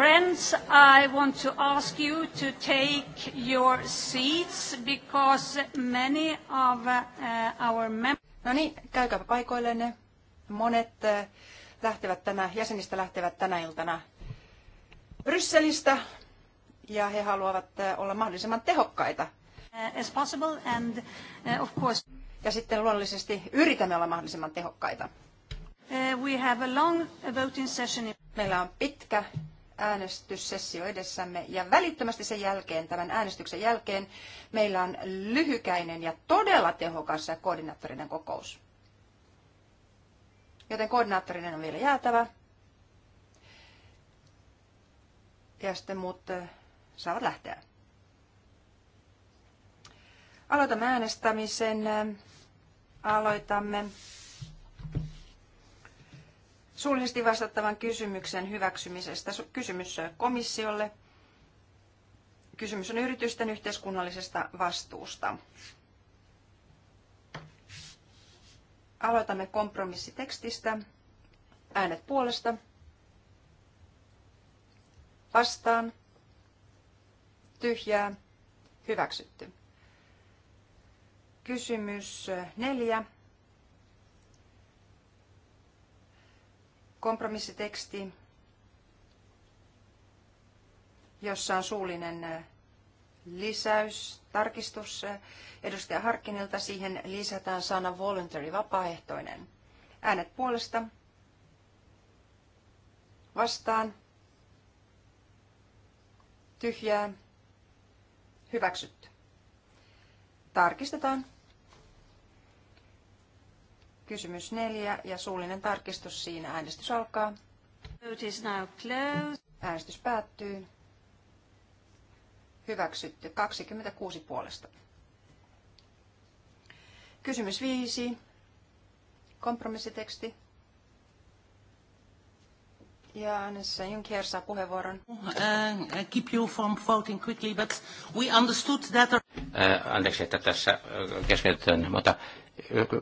Friends, I want to ask you to take your seats because many of uh, our members... No niin, käykääpä paikoillenne. Monet uh, lähtevät tänä, jäsenistä lähtevät tänä iltana Brysselistä ja he haluavat uh, olla mahdollisimman tehokkaita. As possible and of course... Ja sitten luonnollisesti yritämme olla mahdollisimman tehokkaita. We have a long voting session. Meillä on pitkä äänestyssessio edessämme ja välittömästi sen jälkeen, tämän äänestyksen jälkeen, meillä on lyhykäinen ja todella tehokas koordinaattorinen kokous. Joten koordinaattorinen on vielä jäätävä. Ja sitten muut äh, saavat lähteä. Aloitamme äänestämisen. Äh, aloitamme Suullisesti vastattavan kysymyksen hyväksymisestä kysymys komissiolle. Kysymys on yritysten yhteiskunnallisesta vastuusta. Aloitamme kompromissitekstistä. Äänet puolesta. Vastaan. Tyhjää. Hyväksytty. Kysymys eh, neljä kompromissiteksti, jossa on suullinen lisäys, tarkistus edustaja Harkkinilta. Siihen lisätään sana voluntary, vapaaehtoinen. Äänet puolesta. Vastaan. Tyhjää. Hyväksytty. Tarkistetaan. Kysymys neljä ja suullinen tarkistus siinä. Äänestys alkaa. Vote is now closed. Äänestys päättyy. Hyväksytty 26 puolesta. Kysymys viisi. Kompromissiteksti. Ja Anessa Juncker saa puheenvuoron. Uh, keep you from voting quickly, but we understood that... Uh, anteeksi, että tässä keskeytetään, mutta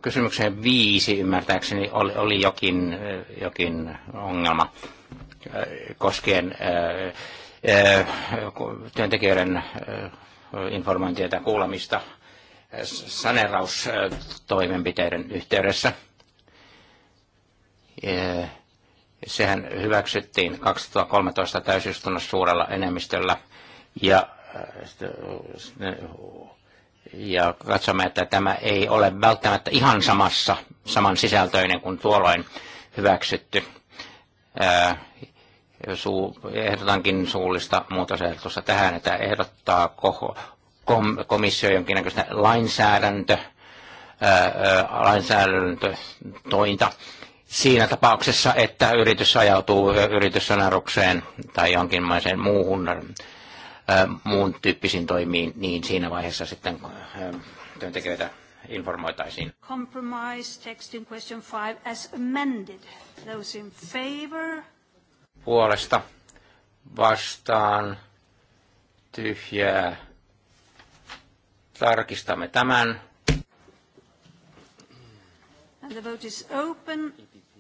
kysymykseen viisi ymmärtääkseni oli, oli jokin, jokin ongelma äh, koskien äh, äh, työntekijöiden informointia tai kuulemista saneraustoimenpiteiden yhteydessä. Sehän hyväksyttiin 2013 täysistunnossa suurella enemmistöllä ja ja katsomme, että tämä ei ole välttämättä ihan samassa, saman sisältöinen kuin tuolloin hyväksytty. ehdotankin suullista muutosehdotusta tähän, että ehdottaa komissio jonkinnäköistä lainsäädäntö, lainsäädäntötointa siinä tapauksessa, että yritys ajautuu yrityssanarukseen tai jonkinlaiseen muuhun muun tyyppisiin toimiin, niin siinä vaiheessa sitten työntekijöitä informoitaisiin. Compromise text in question five as amended. Those in favor. Puolesta vastaan tyhjää. Tarkistamme tämän. And the vote is open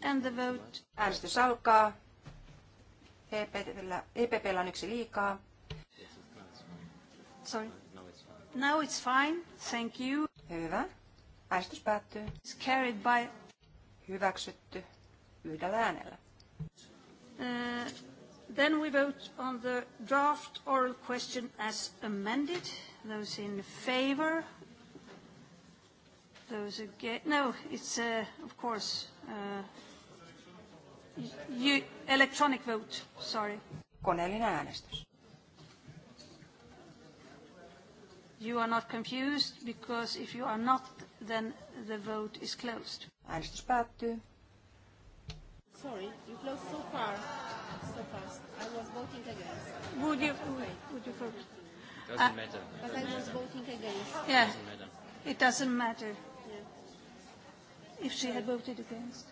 and the vote... Äänestys alkaa. EPP e on yksi liikaa. Sorry. No, it's fine. Now it's fine. Thank you. Hyvä. Äänestys päättyy. It's carried by... Hyväksytty yhdellä äänellä. Uh, then we vote on the draft oral question as amended. Those in favor, those against. No, it's uh, of course uh, you, electronic vote. Sorry. Koneellinen äänestys. You are not confused, because if you are not, then the vote is closed. Äänestys päättyy. Sorry, you closed so far, so fast. I was voting against. Would you, would, would you vote? Doesn't uh, matter. But I was voting against. Yeah. It doesn't matter. Yeah. If she had voted against.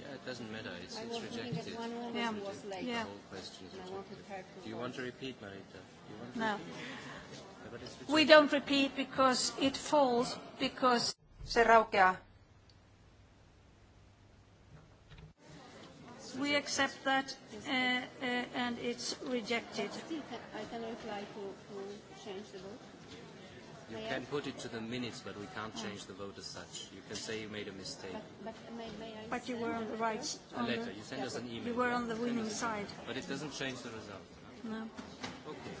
Yeah, it doesn't matter. It's, it's rejected. yeah. Was yeah. The whole question is rejected. Do you want to repeat, Marita? Do you want to no. Repeat? We don't repeat because it falls because se raukeaa. We accept that uh, uh, and it's rejected. I can reply to, to change the vote. You can put it to the minutes, but we can't change the vote as such. You can say you made a mistake. But, but, may, may I but you were on the right. a letter. you send yeah, us an email. You were on the winning side. But it doesn't change the result. No. Okay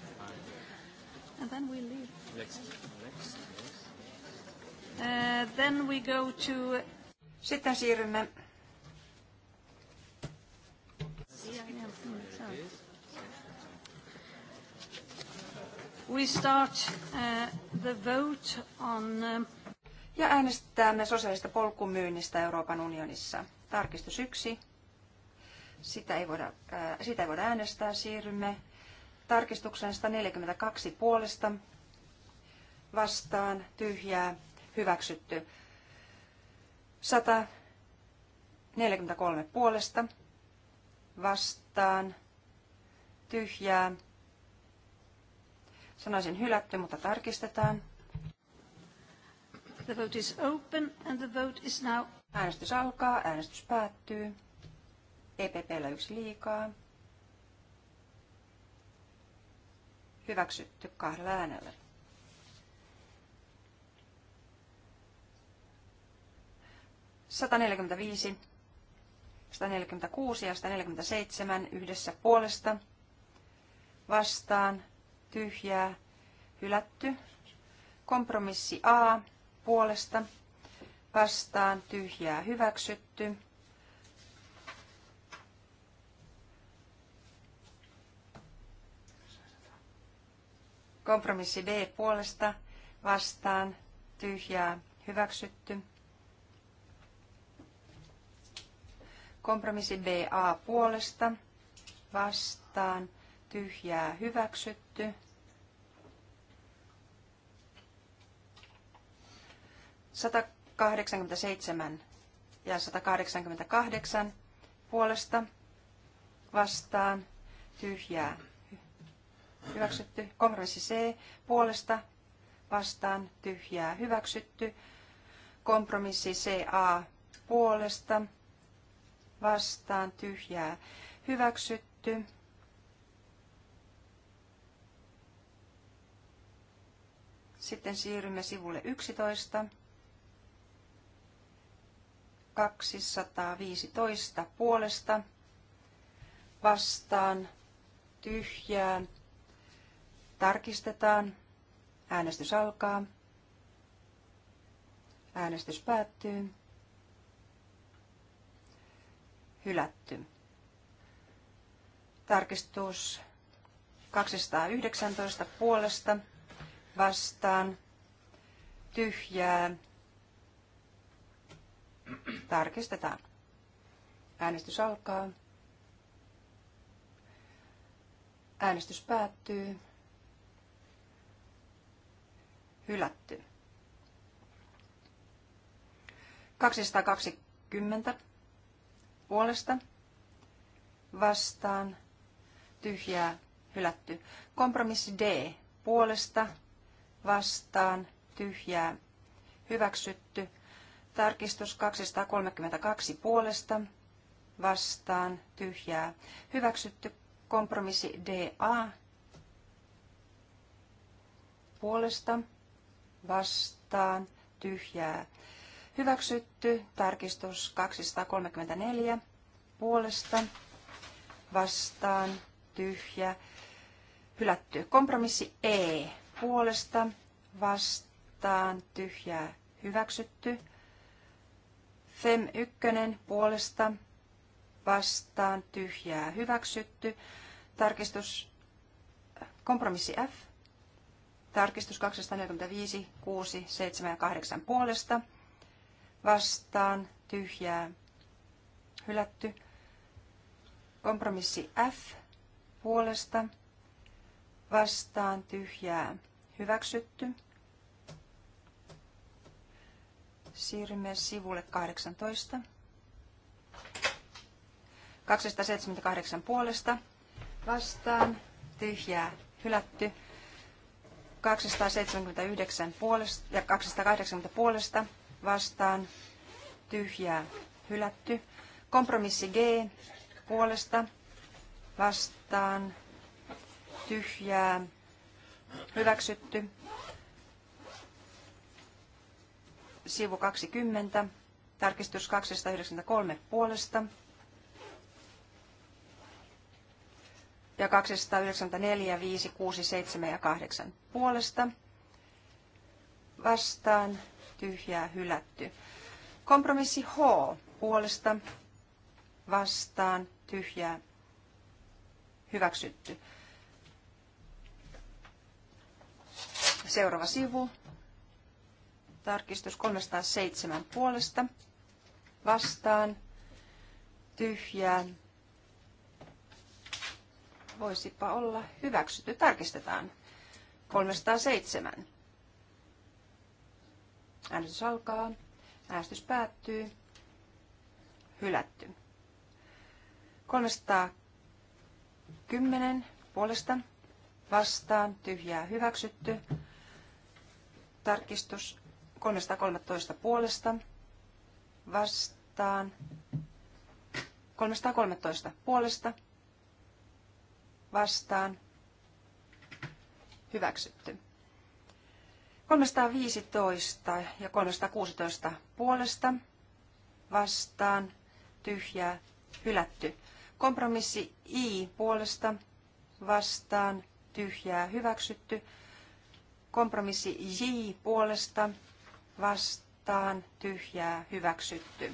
and then we leave. Uh, then we go to... Sitten siirrymme... We start uh, the vote on... Uh... Ja äänestämme sosiaalista polkumyynnistä Euroopan unionissa. Tarkistus yksi. Sitä ei voida, äh, sitä ei voida äänestää. Siirrymme tarkistukseen 142 puolesta vastaan tyhjää hyväksytty. 143 puolesta vastaan tyhjää. Sanoisin hylätty, mutta tarkistetaan. The vote is open and the vote is now... Äänestys alkaa, äänestys päättyy. EPPllä yksi liikaa. Hyväksytty kahdella äänellä. Sataneljäkymmentäviisi, sataneljäkymmentäkuusi ja sataneljäkymmentäseitsemän yhdessä puolesta vastaan tyhjää hylätty. Kompromissi A puolesta vastaan tyhjää hyväksytty. Kompromissi B puolesta vastaan tyhjää hyväksytty. Kompromissi BA puolesta vastaan tyhjää hyväksytty. Sata 187 ja 188 puolesta vastaan tyhjää hyväksytty. Kompromissi C puolesta vastaan tyhjää hyväksytty. Kompromissi CA puolesta vastaan tyhjää hyväksytty. Sitten siirrymme sivulle 11. 215 puolesta vastaan tyhjään Tarkistetaan. Äänestys alkaa. Äänestys päättyy. Hylätty. Tarkistus 219 puolesta vastaan. Tyhjää. Tarkistetaan. Äänestys alkaa. Äänestys päättyy. Hylätty. 220 puolesta vastaan tyhjää hylätty. Kompromissi D puolesta vastaan tyhjää hyväksytty. Tarkistus 232 puolesta vastaan tyhjää hyväksytty. Kompromissi DA puolesta vastaan, tyhjää. Hyväksytty, tarkistus 234, puolesta, vastaan, tyhjä, hylätty. Kompromissi E, puolesta, vastaan, tyhjää, hyväksytty. FEM 1, puolesta, vastaan, tyhjää, hyväksytty. Tarkistus, kompromissi F, Tarkistus 245, 6, 7 ja 8 puolesta. Vastaan tyhjää hylätty. Kompromissi F puolesta. Vastaan tyhjää hyväksytty. Siirrymme sivulle 18. 278 puolesta. Vastaan tyhjää hylätty. 279 puolesta ja 280 puolesta vastaan tyhjää hylätty. Kompromissi G puolesta vastaan tyhjää hyväksytty. Sivu 20, tarkistus 293 puolesta ja 294, 5, 6, 7 ja 8 puolesta. Vastaan tyhjää hylätty. Kompromissi H puolesta vastaan tyhjää hyväksytty. Seuraava sivu. Tarkistus 307 puolesta vastaan tyhjää voisipa olla hyväksytty. Tarkistetaan. 307. Äänestys alkaa. Äänestys päättyy. Hylätty. 310 puolesta vastaan tyhjää hyväksytty. Tarkistus 313 puolesta vastaan 313 puolesta vastaan hyväksytty. 315 ja 316 puolesta vastaan tyhjää hylätty. Kompromissi I puolesta vastaan tyhjää hyväksytty. Kompromissi J puolesta vastaan tyhjää hyväksytty.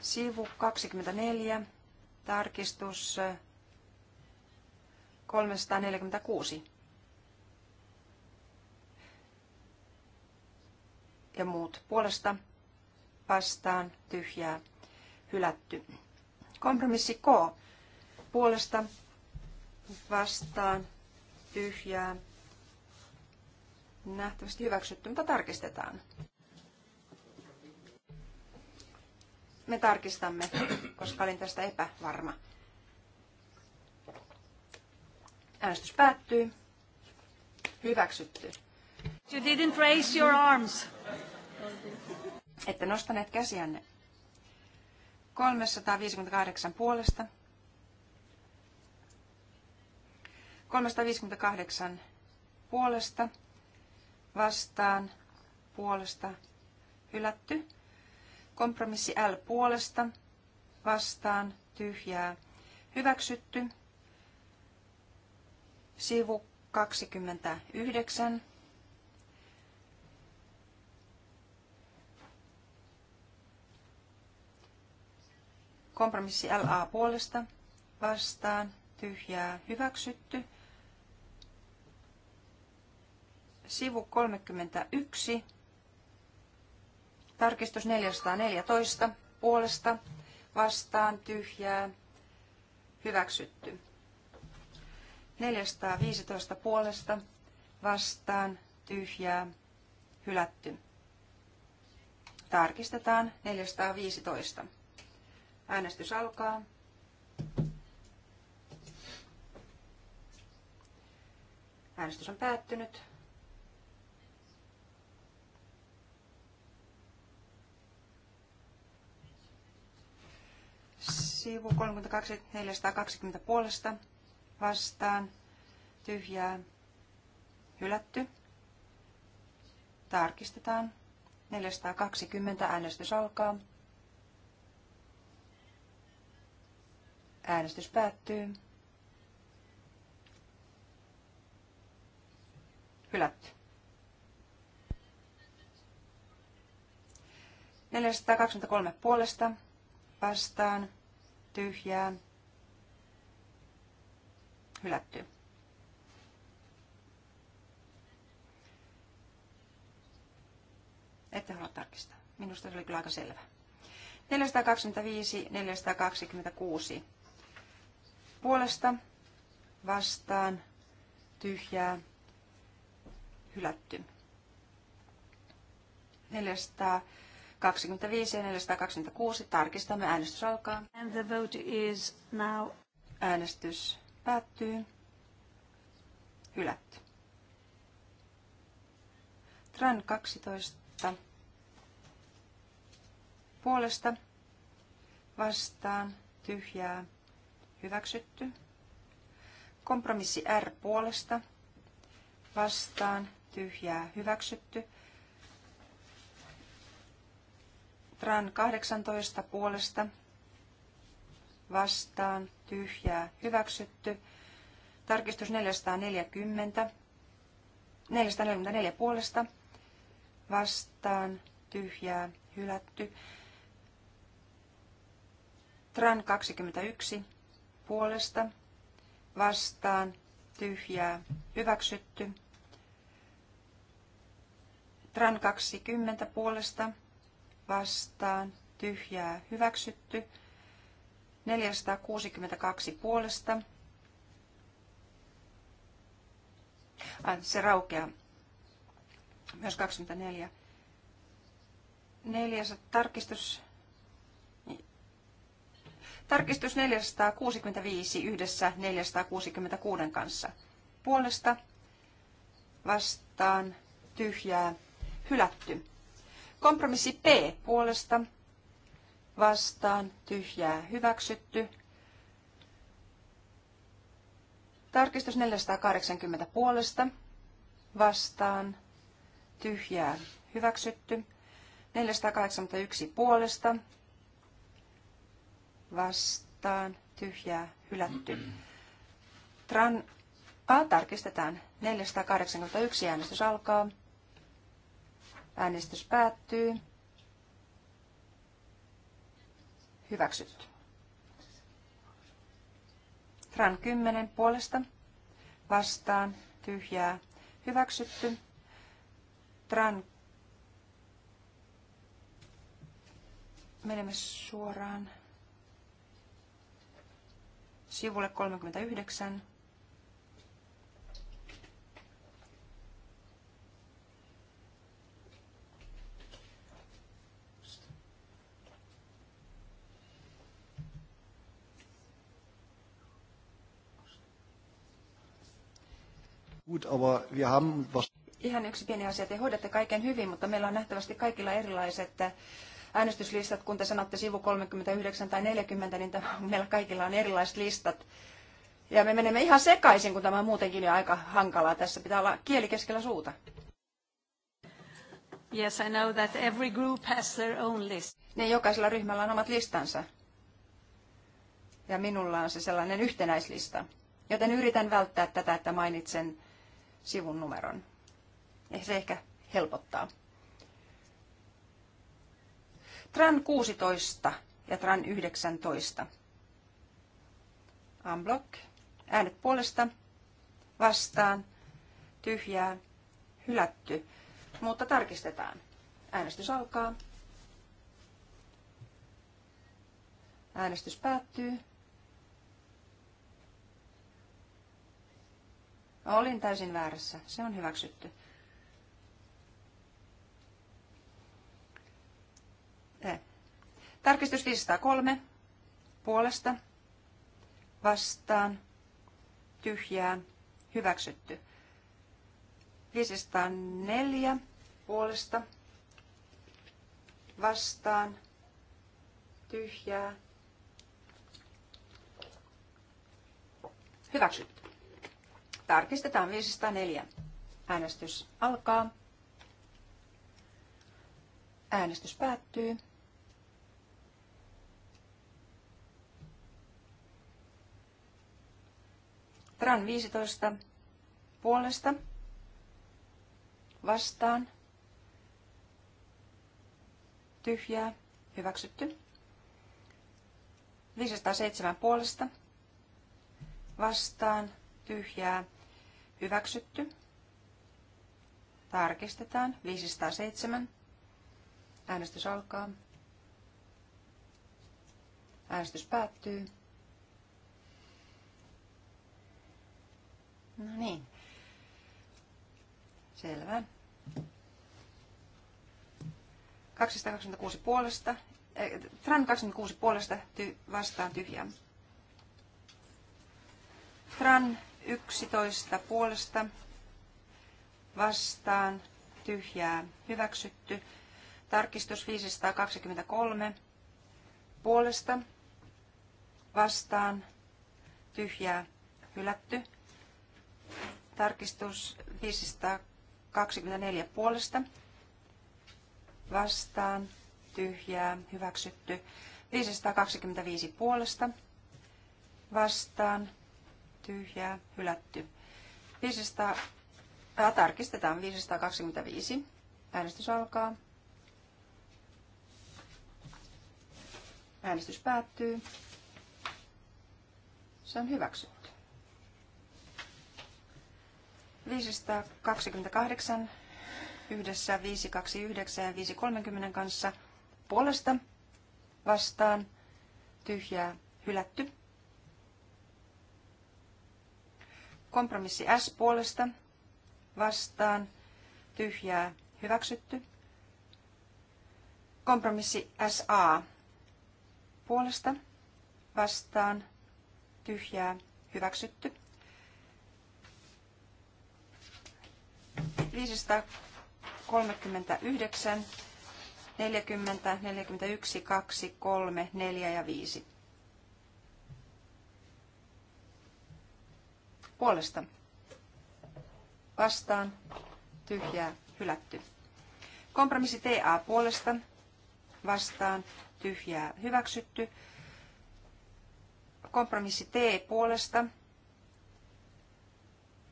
Sivu 24 Tarkistus 346. Ja muut puolesta vastaan tyhjää hylätty. Kompromissi K puolesta vastaan tyhjää nähtävästi hyväksytty, mutta tarkistetaan. me tarkistamme, koska olin tästä epävarma. Äänestys päättyy. Hyväksytty. You didn't raise your arms. Ette nostaneet käsiänne. 358 puolesta. 358 puolesta. Vastaan. Puolesta. Hylätty. Kompromissi L puolesta, vastaan, tyhjää, hyväksytty. Sivu 29. Kompromissi LA puolesta, vastaan, tyhjää, hyväksytty. Sivu 31. Tarkistus 414 puolesta vastaan tyhjää hyväksytty. 415 puolesta vastaan tyhjää hylätty. Tarkistetaan 415. Äänestys alkaa. Äänestys on päättynyt. sivu 32, 420 puolesta vastaan, tyhjää, hylätty. Tarkistetaan. 420 äänestys alkaa. Äänestys päättyy. Hylätty. 423 puolesta vastaan tyhjää, hylätty. Ette halua tarkistaa. Minusta se oli kyllä aika selvä. 425, 426. Puolesta, vastaan, tyhjää, hylätty. 400 25 ja 426. Tarkistamme. Äänestys alkaa. And the vote is now. Äänestys päättyy. Hylätty. Tran 12 puolesta vastaan tyhjää hyväksytty. Kompromissi R puolesta vastaan tyhjää hyväksytty. Tran 18 puolesta vastaan tyhjää hyväksytty. Tarkistus 440. 444 puolesta vastaan tyhjää hylätty. Tran 21 puolesta vastaan tyhjää hyväksytty. Tran 20 puolesta vastaan, tyhjää hyväksytty. 462 puolesta. Ah, se raukeaa. Myös 24. 400, tarkistus, tarkistus 465 yhdessä 466 kanssa. Puolesta vastaan tyhjää hylätty. Kompromissi P puolesta vastaan tyhjää hyväksytty. Tarkistus 480 puolesta vastaan tyhjää hyväksytty. 481 puolesta vastaan tyhjää hylätty. Tran A tarkistetaan. 481 äänestys alkaa. Äänestys päättyy. Hyväksytty. Fran 10 puolesta. Vastaan. Tyhjää. Hyväksytty. Tran. Menemme suoraan sivulle 39. Gut, aber wir haben... Ihan yksi pieni asia. Te hoidatte kaiken hyvin, mutta meillä on nähtävästi kaikilla erilaiset äh, äänestyslistat. Kun te sanotte sivu 39 tai 40, niin meillä kaikilla on erilaiset listat. Ja me menemme ihan sekaisin, kun tämä on muutenkin jo aika hankalaa. Tässä pitää olla kieli keskellä suuta. Yes, I know that every group has their own list. Niin jokaisella ryhmällä on omat listansa. Ja minulla on se sellainen yhtenäislista. Joten yritän välttää tätä, että mainitsen sivun numeron. Eh, se ehkä helpottaa. Tran 16 ja Tran 19. Unblock. Äänet puolesta. Vastaan. Tyhjää. Hylätty. Mutta tarkistetaan. Äänestys alkaa. Äänestys päättyy. Olin täysin väärässä. Se on hyväksytty. E. Tarkistus 503. Puolesta. Vastaan. Tyhjää. Hyväksytty. 504. Puolesta. Vastaan. Tyhjää. Hyväksytty. Tarkistetaan 504. Äänestys alkaa. Äänestys päättyy. Tran 15 puolesta vastaan tyhjää hyväksytty. 507 puolesta vastaan tyhjää, hyväksytty. Tarkistetaan. 507. Äänestys alkaa. Äänestys päättyy. No niin. Selvä. 226 puolesta, äh, Tran 26 puolesta ty, vastaan tyhjää. Tran 11 puolesta vastaan tyhjää hyväksytty. Tarkistus 523 puolesta vastaan tyhjää hylätty. Tarkistus 524 puolesta vastaan tyhjää hyväksytty. 525 puolesta vastaan tyhjää, hylätty. 500, äh, tarkistetaan 525. Äänestys alkaa. Äänestys päättyy. Se on hyväksytty. 528 yhdessä 529 ja 530 kanssa puolesta vastaan tyhjää hylätty. Kompromissi S puolesta vastaan tyhjää hyväksytty. Kompromissi SA puolesta vastaan tyhjää hyväksytty. 539, 40, 41, 2, 3, 4 ja 5 puolesta vastaan tyhjää hylätty. Kompromissi TA puolesta vastaan tyhjää hyväksytty. Kompromissi T puolesta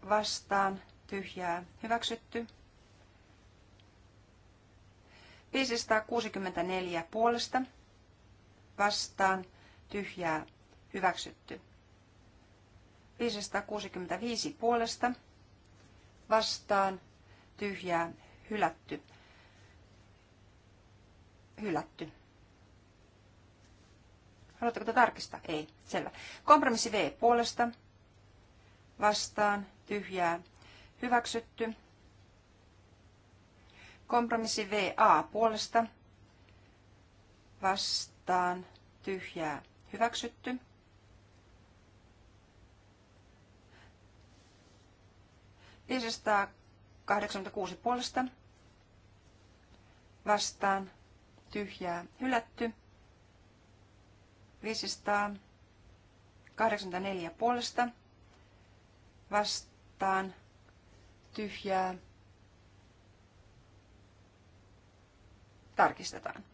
vastaan tyhjää hyväksytty. 564 puolesta vastaan tyhjää hyväksytty. 565 puolesta vastaan tyhjää hylätty. Hylätty. Haluatteko te tarkistaa? Ei. Selvä. Kompromissi V puolesta vastaan tyhjää hyväksytty. Kompromissi VA puolesta vastaan tyhjää hyväksytty. 586 puolesta vastaan tyhjää hylätty. 584 puolesta vastaan tyhjää tarkistetaan.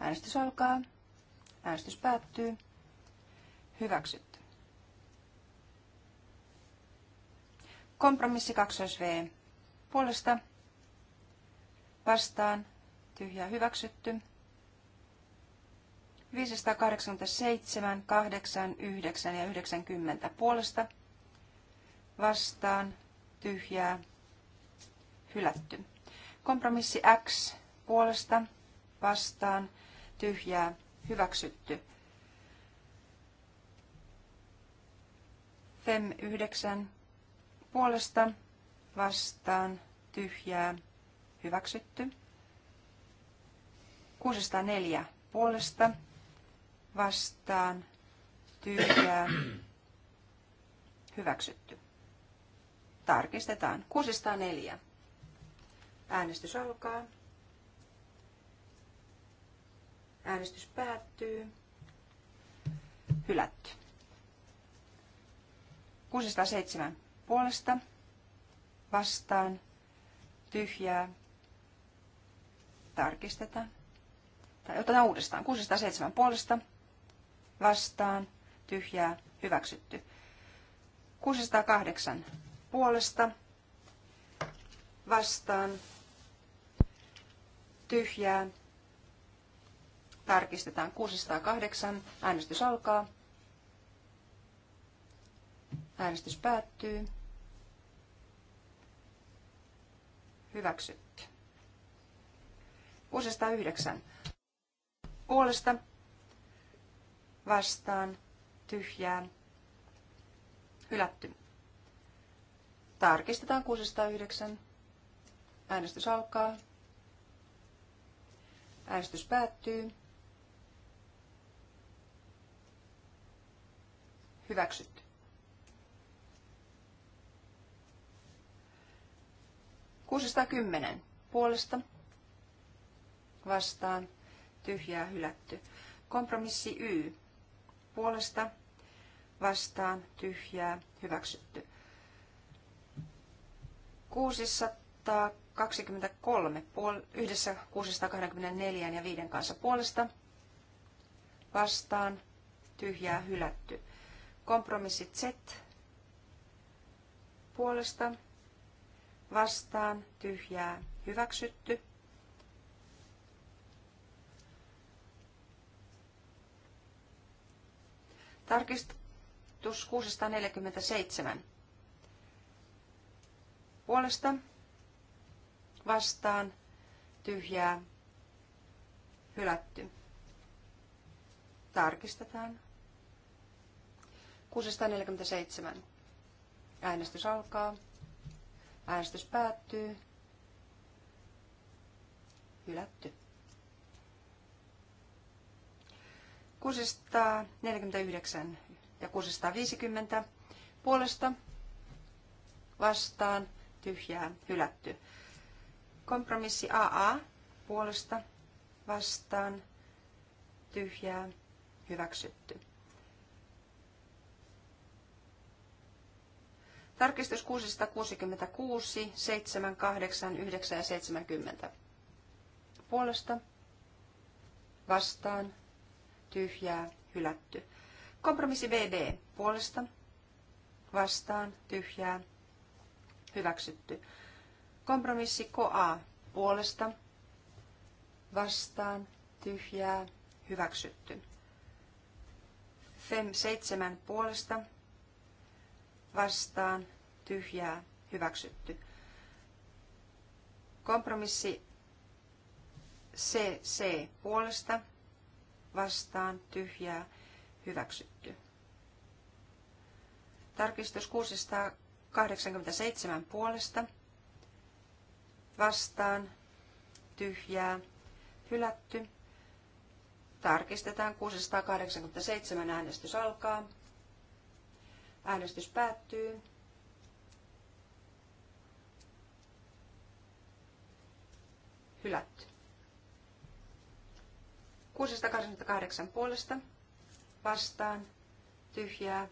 Äänestys alkaa. Äänestys päättyy. Hyväksytty. Kompromissi 2 V puolesta vastaan tyhjä hyväksytty. 587, 8, 9 ja 90 puolesta vastaan tyhjää hylätty. Kompromissi X puolesta vastaan tyhjää hyväksytty. FEM 9 puolesta vastaan tyhjää hyväksytty. 604 puolesta vastaan tyhjää hyväksytty. Tarkistetaan. 604. Äänestys alkaa. Äänestys päättyy. Hylätty. 607 puolesta vastaan tyhjää tarkistetaan. Tai otetaan uudestaan. 607 puolesta vastaan tyhjää hyväksytty. 608 puolesta vastaan tyhjää tarkistetaan. 608 äänestys alkaa. Äänestys päättyy. Hyväksytty. 609. Puolesta vastaan tyhjään hylätty. Tarkistetaan 609. Äänestys alkaa. Äänestys päättyy. Hyväksytty. 610 puolesta vastaan tyhjää hylätty. Kompromissi Y puolesta vastaan tyhjää hyväksytty. 623 puol- yhdessä 624 ja 5 kanssa puolesta vastaan tyhjää hylätty. Kompromissi Z puolesta vastaan, tyhjää, hyväksytty. Tarkistus 647. Puolesta, vastaan, tyhjää, hylätty. Tarkistetaan. 647. Äänestys alkaa. Äänestys päättyy. Hylätty. 649 ja 650 puolesta vastaan tyhjää hylätty. Kompromissi AA puolesta vastaan tyhjää hyväksytty. Tarkistus 666, 7, 8, 9 ja 70. Puolesta, vastaan, tyhjää, hylätty. Kompromissi BD. Puolesta, vastaan, tyhjää, hyväksytty. Kompromissi KA. Puolesta, vastaan, tyhjää, hyväksytty. FEM 7 puolesta, vastaan, tyhjää, hyväksytty. Kompromissi CC puolesta, vastaan, tyhjää, hyväksytty. Tarkistus 687 puolesta, vastaan, tyhjää, hylätty. Tarkistetaan 687 äänestys alkaa. Äänestys päättyy. Hylätty. 688 puolesta vastaan tyhjää.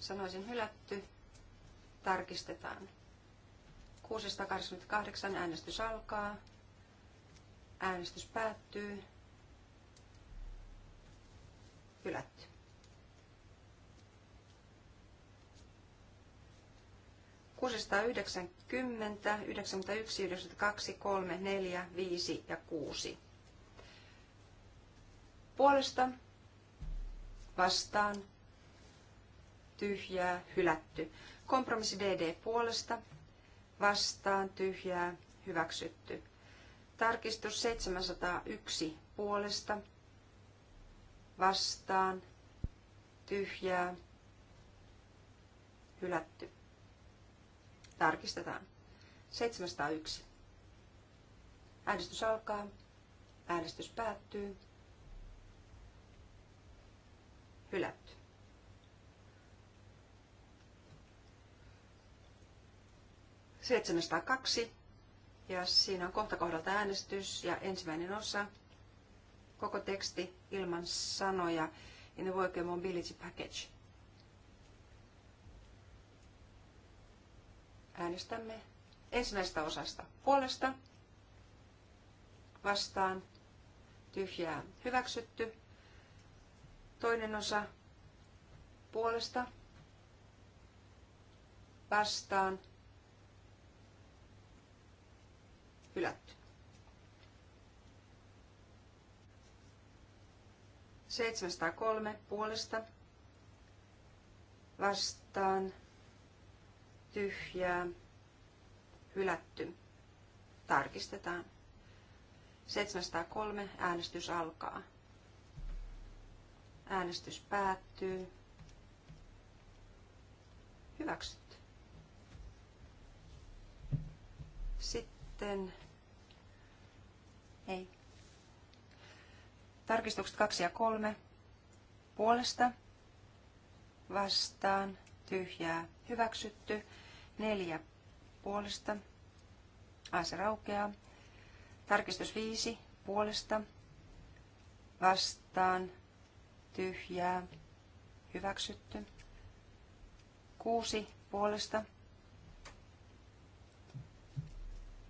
Sanoisin hylätty. Tarkistetaan. 688 äänestys alkaa. Äänestys päättyy hylätty. Kuusesta 90, 91, 92, 3, 4, 5 ja 6. Puolesta vastaan tyhjää hylätty. Kompromissi DD puolesta vastaan tyhjää hyväksytty. Tarkistus 701 puolesta vastaan, tyhjää, hylätty. Tarkistetaan. 701. Äänestys alkaa. Äänestys päättyy. Hylätty. kaksi ja siinä on kohta kohdalta äänestys ja ensimmäinen osa, koko teksti ilman sanoja in niin the worker mobility package. Äänestämme ensimmäisestä osasta puolesta vastaan tyhjää hyväksytty. Toinen osa puolesta vastaan hylätty. 703 puolesta vastaan tyhjää hylätty. Tarkistetaan. 703 äänestys alkaa. Äänestys päättyy. Hyväksytty. Sitten ei Tarkistukset 2 ja 3 puolesta vastaan tyhjää hyväksytty. 4 puolesta. A ah, se raukeaa. Tarkistus 5 puolesta vastaan tyhjää hyväksytty. 6 puolesta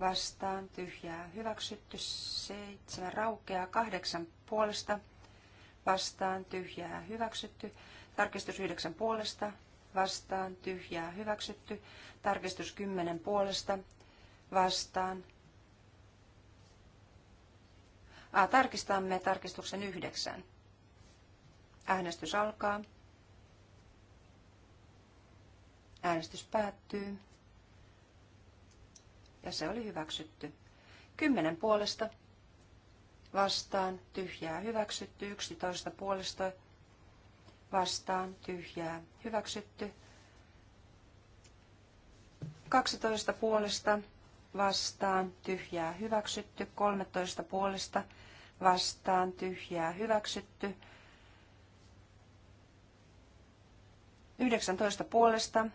vastaan, tyhjää hyväksytty, seitsemän raukeaa, kahdeksan puolesta, vastaan, tyhjää, hyväksytty. Tarkistus 9 puolesta, vastaan, tyhjää, hyväksytty. Tarkistus 10 puolesta, vastaan. A, tarkistamme tarkistuksen 9. Äänestys alkaa. Äänestys päättyy. Ja se oli hyväksytty. Kymmenen puolesta vastaan tyhjää hyväksytty, 11 puolesta vastaan tyhjää hyväksytty, 12 puolesta vastaan tyhjää hyväksytty, 13 puolesta vastaan tyhjää hyväksytty, 19 puolesta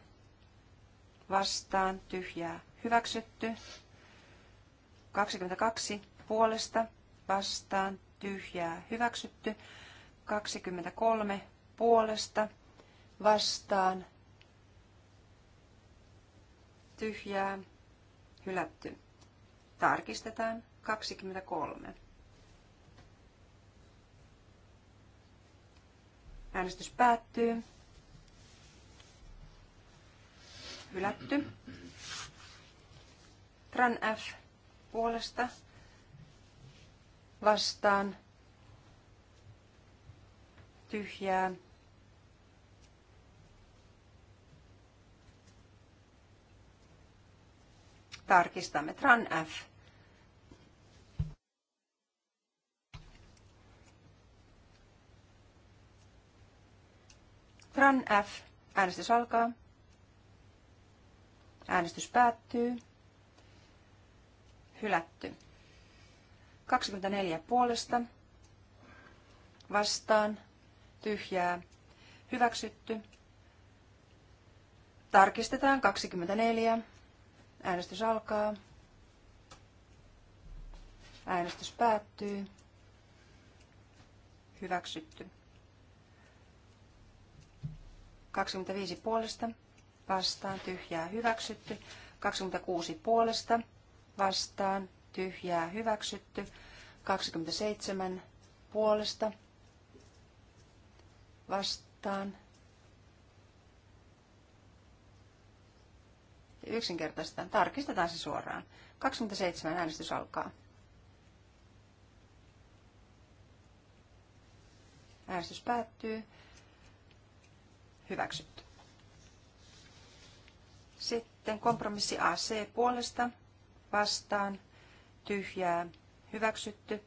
vastaan tyhjää hyväksytty, 22 puolesta vastaan tyhjää hyväksytty. 23 puolesta vastaan tyhjää hylätty. Tarkistetaan 23. Äänestys päättyy. Hylätty. Tran F puolesta vastaan tyhjää. Tarkistamme tran F. Tran F. Äänestys alkaa. Äänestys päättyy. Hylätty. 24 puolesta vastaan tyhjää hyväksytty. Tarkistetaan 24. Äänestys alkaa. Äänestys päättyy. Hyväksytty. 25 puolesta vastaan tyhjää hyväksytty. 26 puolesta vastaan tyhjää hyväksytty. 27 puolesta vastaan. Yksinkertaistetaan. Tarkistetaan se suoraan. 27 äänestys alkaa. Äänestys päättyy. Hyväksytty. Sitten kompromissi AC puolesta vastaan tyhjää hyväksytty.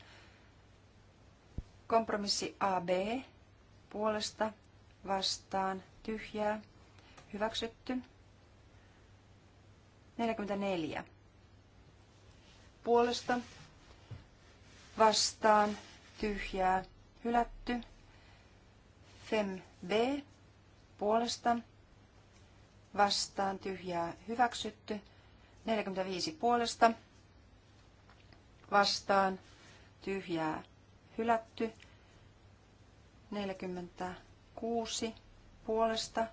Kompromissi AB puolesta vastaan tyhjää hyväksytty. 44 puolesta vastaan tyhjää hylätty. Fem B puolesta vastaan tyhjää hyväksytty. 45 puolesta vastaan, tyhjää hylätty. 46 puolesta.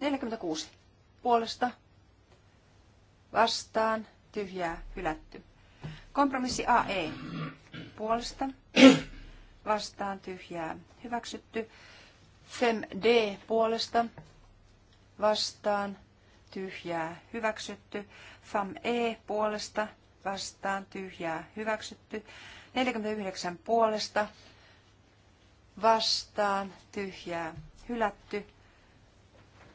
46 puolesta vastaan, tyhjää hylätty. Kompromissi AE puolesta vastaan tyhjää hyväksytty. FEM D puolesta vastaan tyhjää hyväksytty. FAM E puolesta vastaan tyhjää hyväksytty. 49 puolesta vastaan tyhjää hylätty.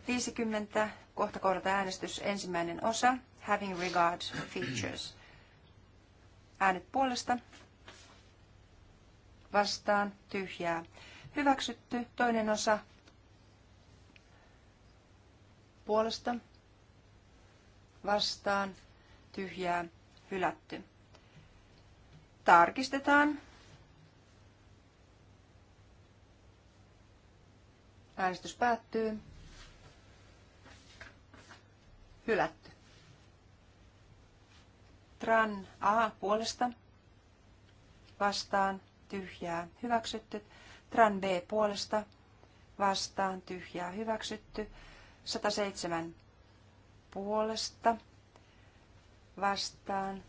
50 kohta kohdalta äänestys ensimmäinen osa having regard features. Äänet puolesta vastaan tyhjää hyväksytty. Toinen osa puolesta vastaan, tyhjää, hylätty. Tarkistetaan. Äänestys päättyy. Hylätty. Tran A puolesta. Vastaan tyhjää hyväksytty. Tran B puolesta. Vastaan tyhjää hyväksytty. 107 puolesta vastaan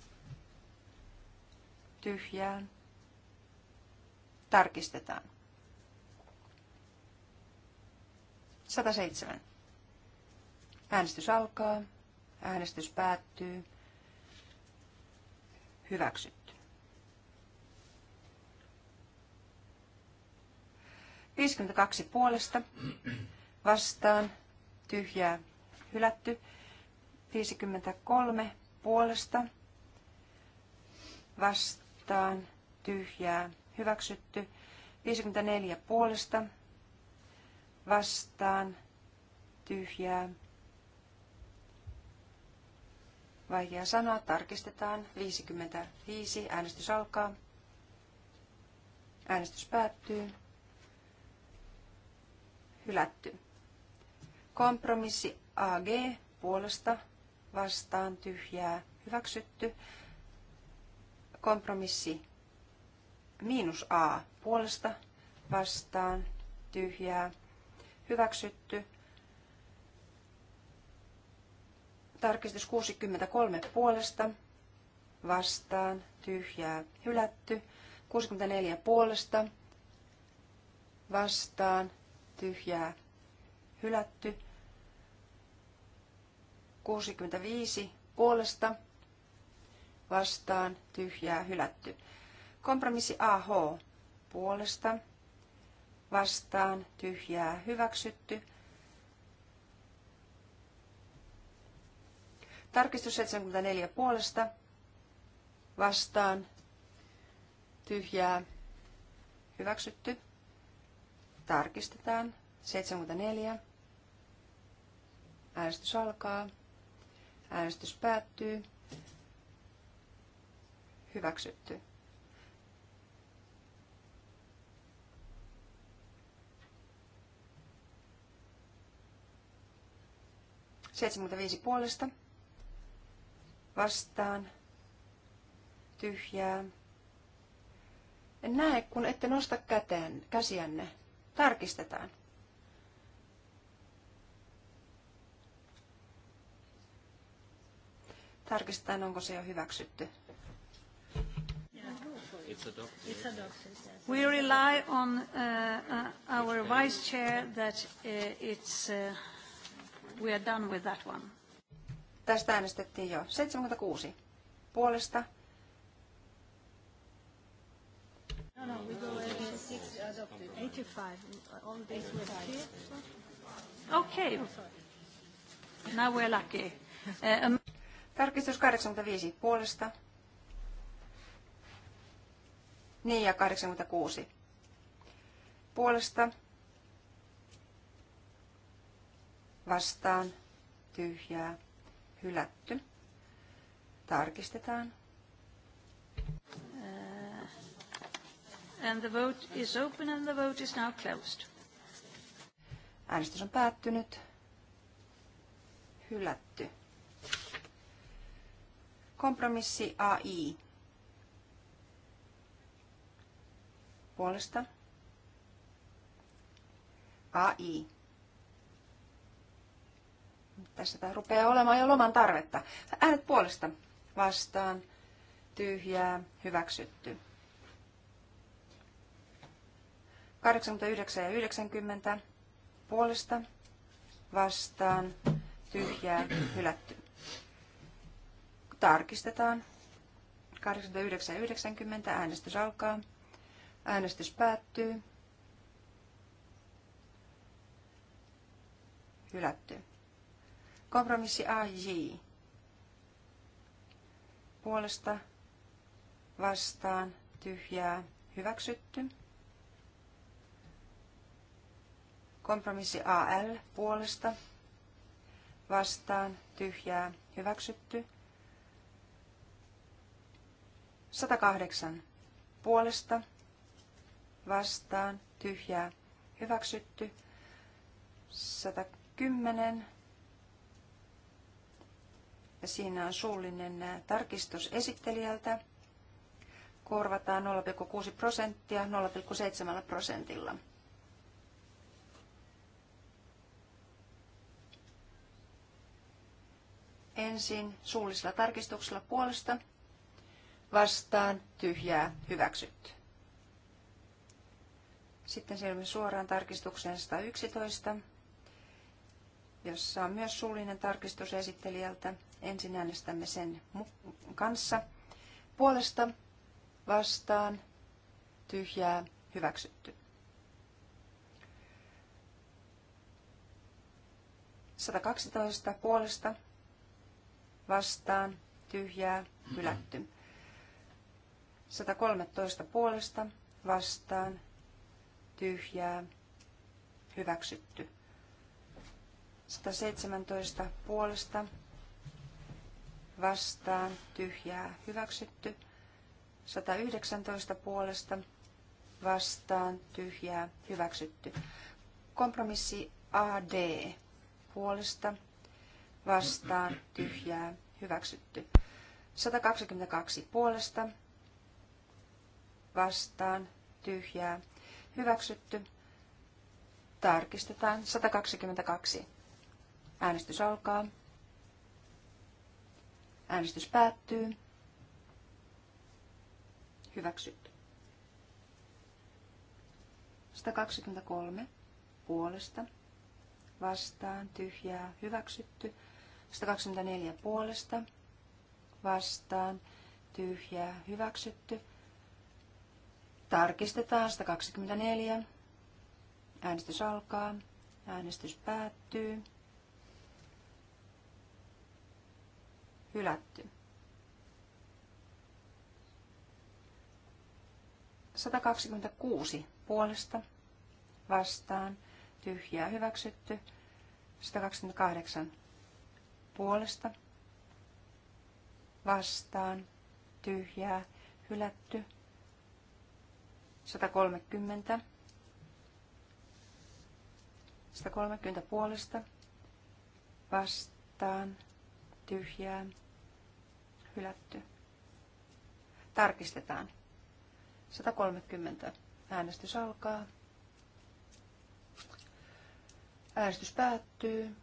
tyhjään tarkistetaan. 107. Äänestys alkaa. Äänestys päättyy. Hyväksytty. 52 puolesta vastaan tyhjää hylätty. 53 puolesta vastaan tyhjää hyväksytty. 54 puolesta vastaan tyhjää. Vaikea sanoa, tarkistetaan. 55, äänestys alkaa. Äänestys päättyy. Hylätty. Kompromissi AG puolesta vastaan tyhjää hyväksytty. Kompromissi miinus A puolesta vastaan tyhjää hyväksytty. Tarkistus 63 puolesta vastaan tyhjää hylätty. 64 puolesta vastaan tyhjää hylätty. 65 puolesta vastaan tyhjää hylätty. Kompromissi AH puolesta vastaan tyhjää hyväksytty. Tarkistus 74 puolesta vastaan tyhjää hyväksytty. Tarkistetaan 74. Äänestys alkaa. Äänestys päättyy. Hyväksytty. Seitsemänkymmentäviisi puolesta. Vastaan. Tyhjää. En näe, kun ette nosta käteen, käsiänne. Tarkistetaan. Tarkistetaan, onko se jo hyväksytty. We rely on uh, uh, our vice chair that uh, it's uh, we are done with that one. Tästä äänestettiin jo. 76 puolesta. No, no, we go six adopted. 85. All this Okay. Now we're lucky. Uh, Tarkistus 85 puolesta. 4 niin, ja 86 puolesta. Vastaan tyhjää hylätty. Tarkistetaan. Uh, and the vote is open and the vote is now closed. Äänestys on päättynyt. Hylätty. Kompromissi AI. Puolesta. AI. Tässä tämä rupeaa olemaan jo loman tarvetta. Äänet puolesta. Vastaan. Tyhjää. Hyväksytty. 89 ja 90 puolesta vastaan tyhjää hylätty. Tarkistetaan. 89.90. Äänestys alkaa. Äänestys päättyy. Hylätty. Kompromissi AJ. Puolesta vastaan tyhjää hyväksytty. Kompromissi AL puolesta vastaan tyhjää hyväksytty. 108 puolesta vastaan tyhjää hyväksytty. 110 ja siinä on suullinen tarkistus esittelijältä. Korvataan 0,6 prosenttia 0,7 prosentilla. Ensin suullisella tarkistuksella puolesta vastaan, tyhjää, hyväksytty. Sitten siirrymme suoraan tarkistukseen 111, jossa on myös suullinen tarkistus esittelijältä. Ensin äänestämme sen kanssa. Puolesta, vastaan, tyhjää, hyväksytty. 112 puolesta, vastaan, tyhjää, hylätty. 113 puolesta vastaan tyhjää hyväksytty. 117 puolesta vastaan tyhjää hyväksytty. 119 puolesta vastaan tyhjää hyväksytty. Kompromissi AD puolesta vastaan tyhjää hyväksytty. 122 puolesta vastaan, tyhjää, hyväksytty. Tarkistetaan 122. Äänestys alkaa. Äänestys päättyy. Hyväksytty. 123 puolesta vastaan tyhjää hyväksytty. 124 puolesta vastaan tyhjää hyväksytty. Tarkistetaan 124. Äänestys alkaa. Äänestys päättyy. Hylätty. 126 puolesta vastaan. Tyhjää hyväksytty. 128 puolesta vastaan. Tyhjää hylätty. 130. 130 puolesta vastaan tyhjää hylätty. Tarkistetaan. 130. Äänestys alkaa. Äänestys päättyy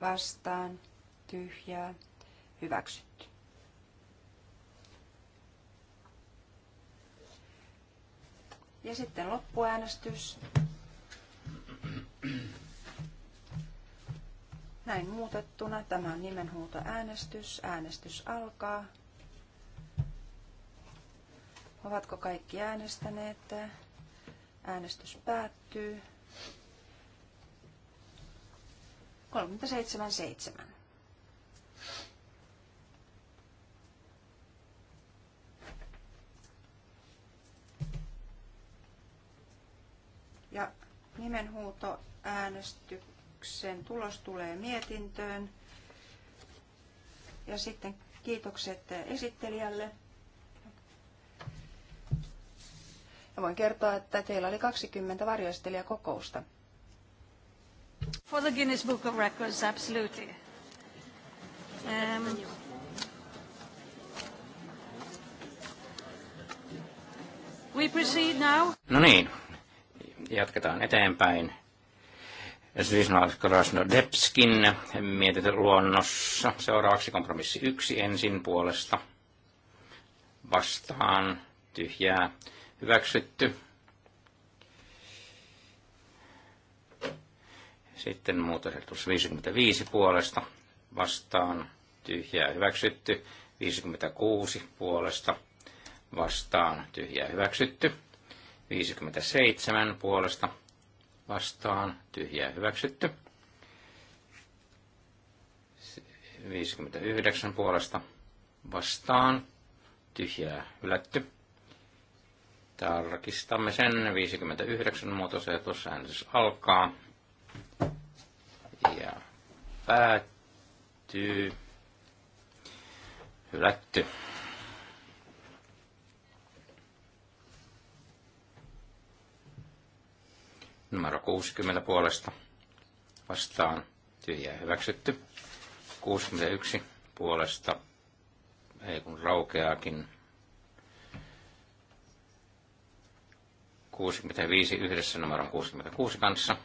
vastaan, tyhjää, hyväksytty. Ja sitten loppuäänestys. Näin muutettuna tämä on nimenhuutoäänestys. Äänestys alkaa. Ovatko kaikki äänestäneet? Äänestys päättyy. 37.7. Ja nimenhuuto äänestyksen tulos tulee mietintöön. Ja sitten kiitokset esittelijälle. Ja voin kertoa, että teillä oli 20 varjoistelijakokousta. kokousta. For the Guinness Book of Records, absolutely. Um, we proceed now. No niin, jatketaan eteenpäin. Svisnalais Krasnodebskin mietitön luonnossa. Seuraavaksi kompromissi yksi ensin puolesta. Vastaan tyhjää hyväksytty. Sitten muutosehdotus 55 puolesta vastaan tyhjää hyväksytty. 56 puolesta vastaan tyhjää hyväksytty. 57 puolesta vastaan tyhjää hyväksytty. 59 puolesta vastaan tyhjää hylätty. Tarkistamme sen. 59 muutosehdotus äänestys alkaa ja päättyy. Hylätty. Numero 60 puolesta vastaan tyhjää hyväksytty. 61 puolesta, ei kun raukeakin. 65 yhdessä numeron 66 kanssa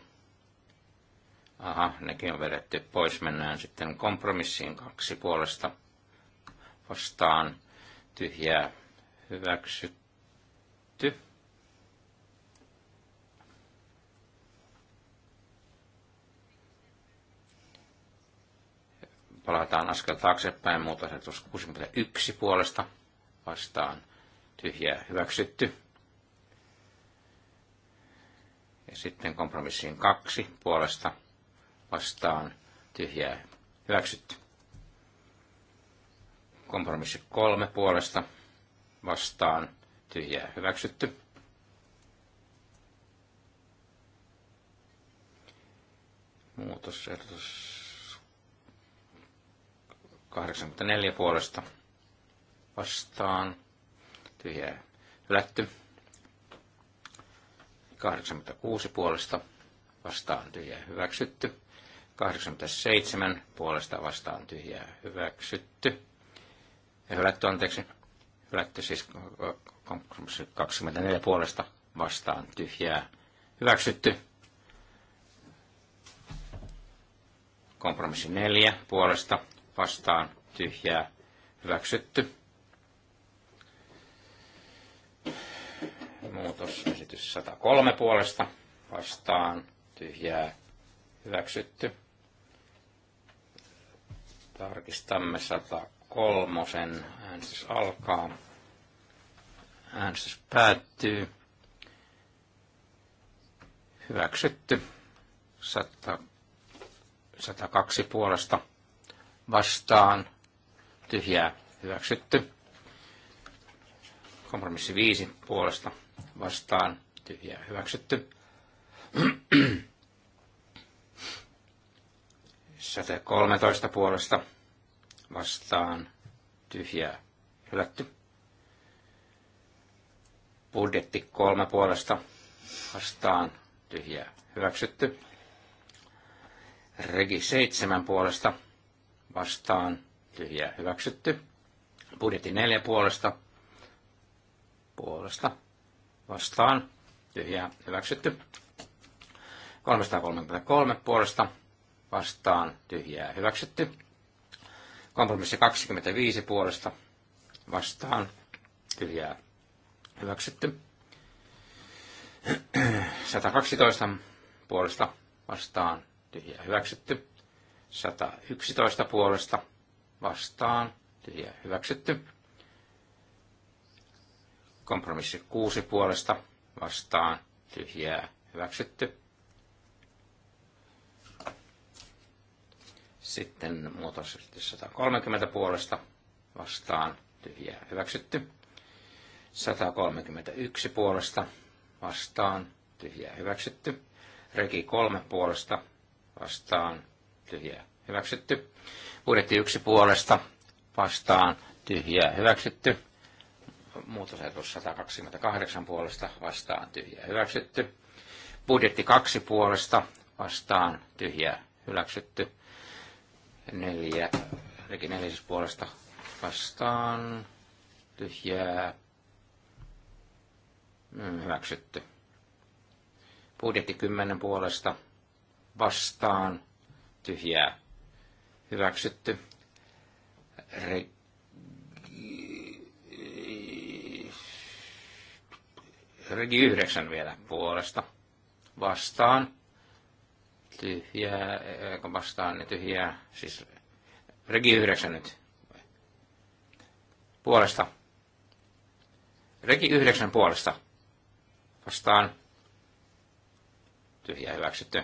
Aha, nekin on vedetty pois. Mennään sitten kompromissiin kaksi puolesta vastaan. Tyhjää hyväksytty. Palataan askel taaksepäin. Muutosehdotus 61 puolesta vastaan. Tyhjää hyväksytty. Ja sitten kompromissiin kaksi puolesta vastaan tyhjää hyväksytty. Kompromissi kolme puolesta vastaan tyhjää hyväksytty. Muutosehdotus 84 puolesta vastaan tyhjää hylätty. 86 puolesta vastaan tyhjää hyväksytty. 87 puolesta vastaan tyhjää hyväksytty. Hylätty, anteeksi, hylätty siis 24 puolesta vastaan tyhjää hyväksytty. Kompromissi 4 puolesta vastaan tyhjää hyväksytty. Muutosesitys 103 puolesta vastaan tyhjää hyväksytty. Tarkistamme 103. Äänestys alkaa. Äänestys päättyy. Hyväksytty. 100, 102 puolesta vastaan. Tyhjää. Hyväksytty. Kompromissi 5 puolesta vastaan. Tyhjää. Hyväksytty. Säte 13 puolesta vastaan tyhjää hylätty. Budjetti 3 puolesta vastaan tyhjää hyväksytty. Regi 7 puolesta vastaan tyhjää hyväksytty. Budjetti 4 puolesta puolesta vastaan tyhjää hyväksytty. 333 puolesta vastaan tyhjää hyväksytty. Kompromissi 25 puolesta vastaan tyhjää hyväksytty. 112 puolesta vastaan tyhjää hyväksytty. 111 puolesta vastaan tyhjää hyväksytty. Kompromissi 6 puolesta vastaan tyhjää hyväksytty. Sitten muutos 130 puolesta vastaan tyhjää hyväksytty. 131 puolesta vastaan tyhjää hyväksytty. Regi 3 puolesta vastaan tyhjää hyväksytty. Budjetti 1 puolesta vastaan tyhjää hyväksytty. Muutosehdotus 128 puolesta vastaan tyhjää hyväksytty. Budjetti 2 puolesta vastaan tyhjää hyväksytty. Neljä, eli neljäs puolesta vastaan, tyhjää, mm, hyväksytty. Budjetti kymmenen puolesta vastaan, tyhjää, hyväksytty. Re- Regi 9 vielä puolesta vastaan, tyhjää, vastaan niin tyhjää, siis regi 9 nyt puolesta. Regi 9 puolesta vastaan tyhjää hyväksytty.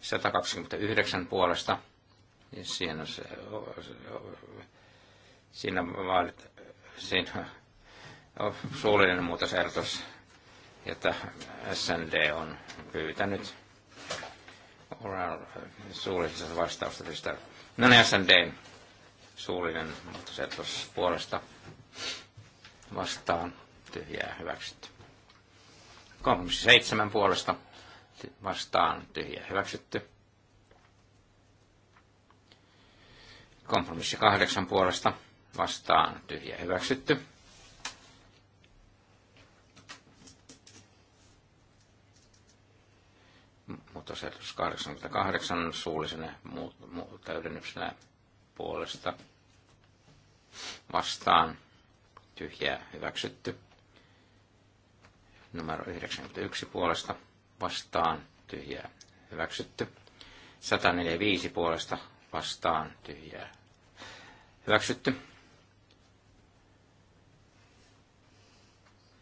129 puolesta. Ja siinä, se, siinä, vaadit, siinä on suullinen muutosehdotus, jota SND on pyytänyt. Oral suullisesta vastausta tästä. No niin, SND suullinen tuossa puolesta vastaan tyhjää hyväksytty. Kompromissi seitsemän puolesta vastaan tyhjää hyväksytty. Kompromissi kahdeksan puolesta vastaan tyhjää hyväksytty. muutosehdotus 88 suullisena muut, muut, täydennyksenä puolesta vastaan tyhjää hyväksytty. Numero 91 puolesta vastaan tyhjää hyväksytty. 145 puolesta vastaan tyhjää hyväksytty.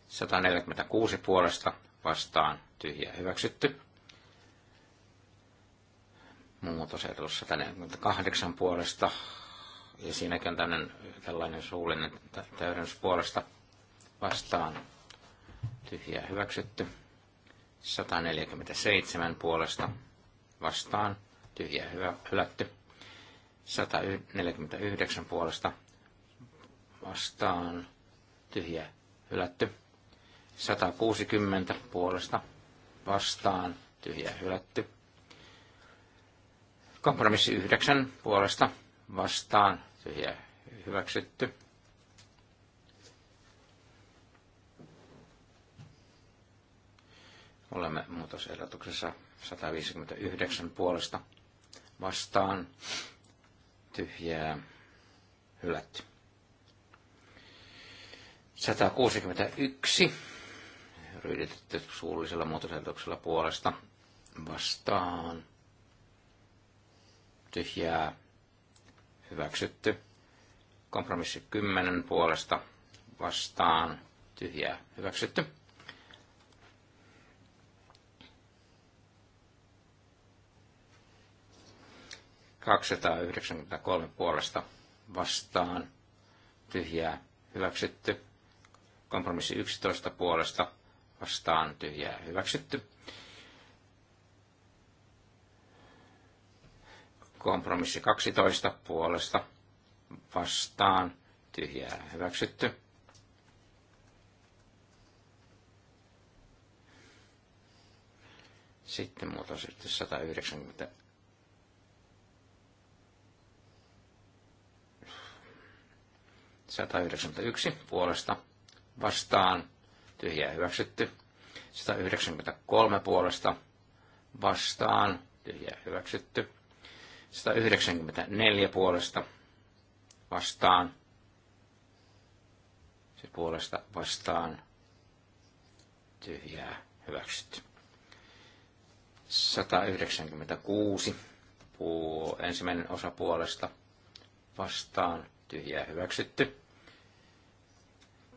146 puolesta vastaan tyhjää hyväksytty muutosehdotussa tänne kahdeksan puolesta. Ja siinäkin on tämmöinen, tällainen suullinen täydennys puolesta vastaan tyhjää hyväksytty. 147 puolesta vastaan tyhjää hyvä, hylätty. 149 puolesta vastaan tyhjää hylätty. 160 puolesta vastaan tyhjää hylätty. Kompromissi yhdeksän puolesta vastaan tyhjä hyväksytty. Olemme muutosehdotuksessa 159 puolesta vastaan tyhjää hylätty. 161 ryhdytetty suullisella muutosehdotuksella puolesta vastaan tyhjää hyväksytty. Kompromissi 10 puolesta vastaan tyhjää hyväksytty. kolme puolesta vastaan tyhjää hyväksytty. Kompromissi 11 puolesta vastaan tyhjää hyväksytty. Kompromissi 12 puolesta vastaan tyhjää hyväksytty. Sitten muutos sitten 190. yksi puolesta vastaan tyhjää hyväksytty. 193 puolesta vastaan tyhjää hyväksytty. 194 puolesta vastaan. Se puolesta vastaan. Tyhjää hyväksytty. 196 puu, ensimmäinen osa puolesta vastaan. Tyhjää hyväksytty.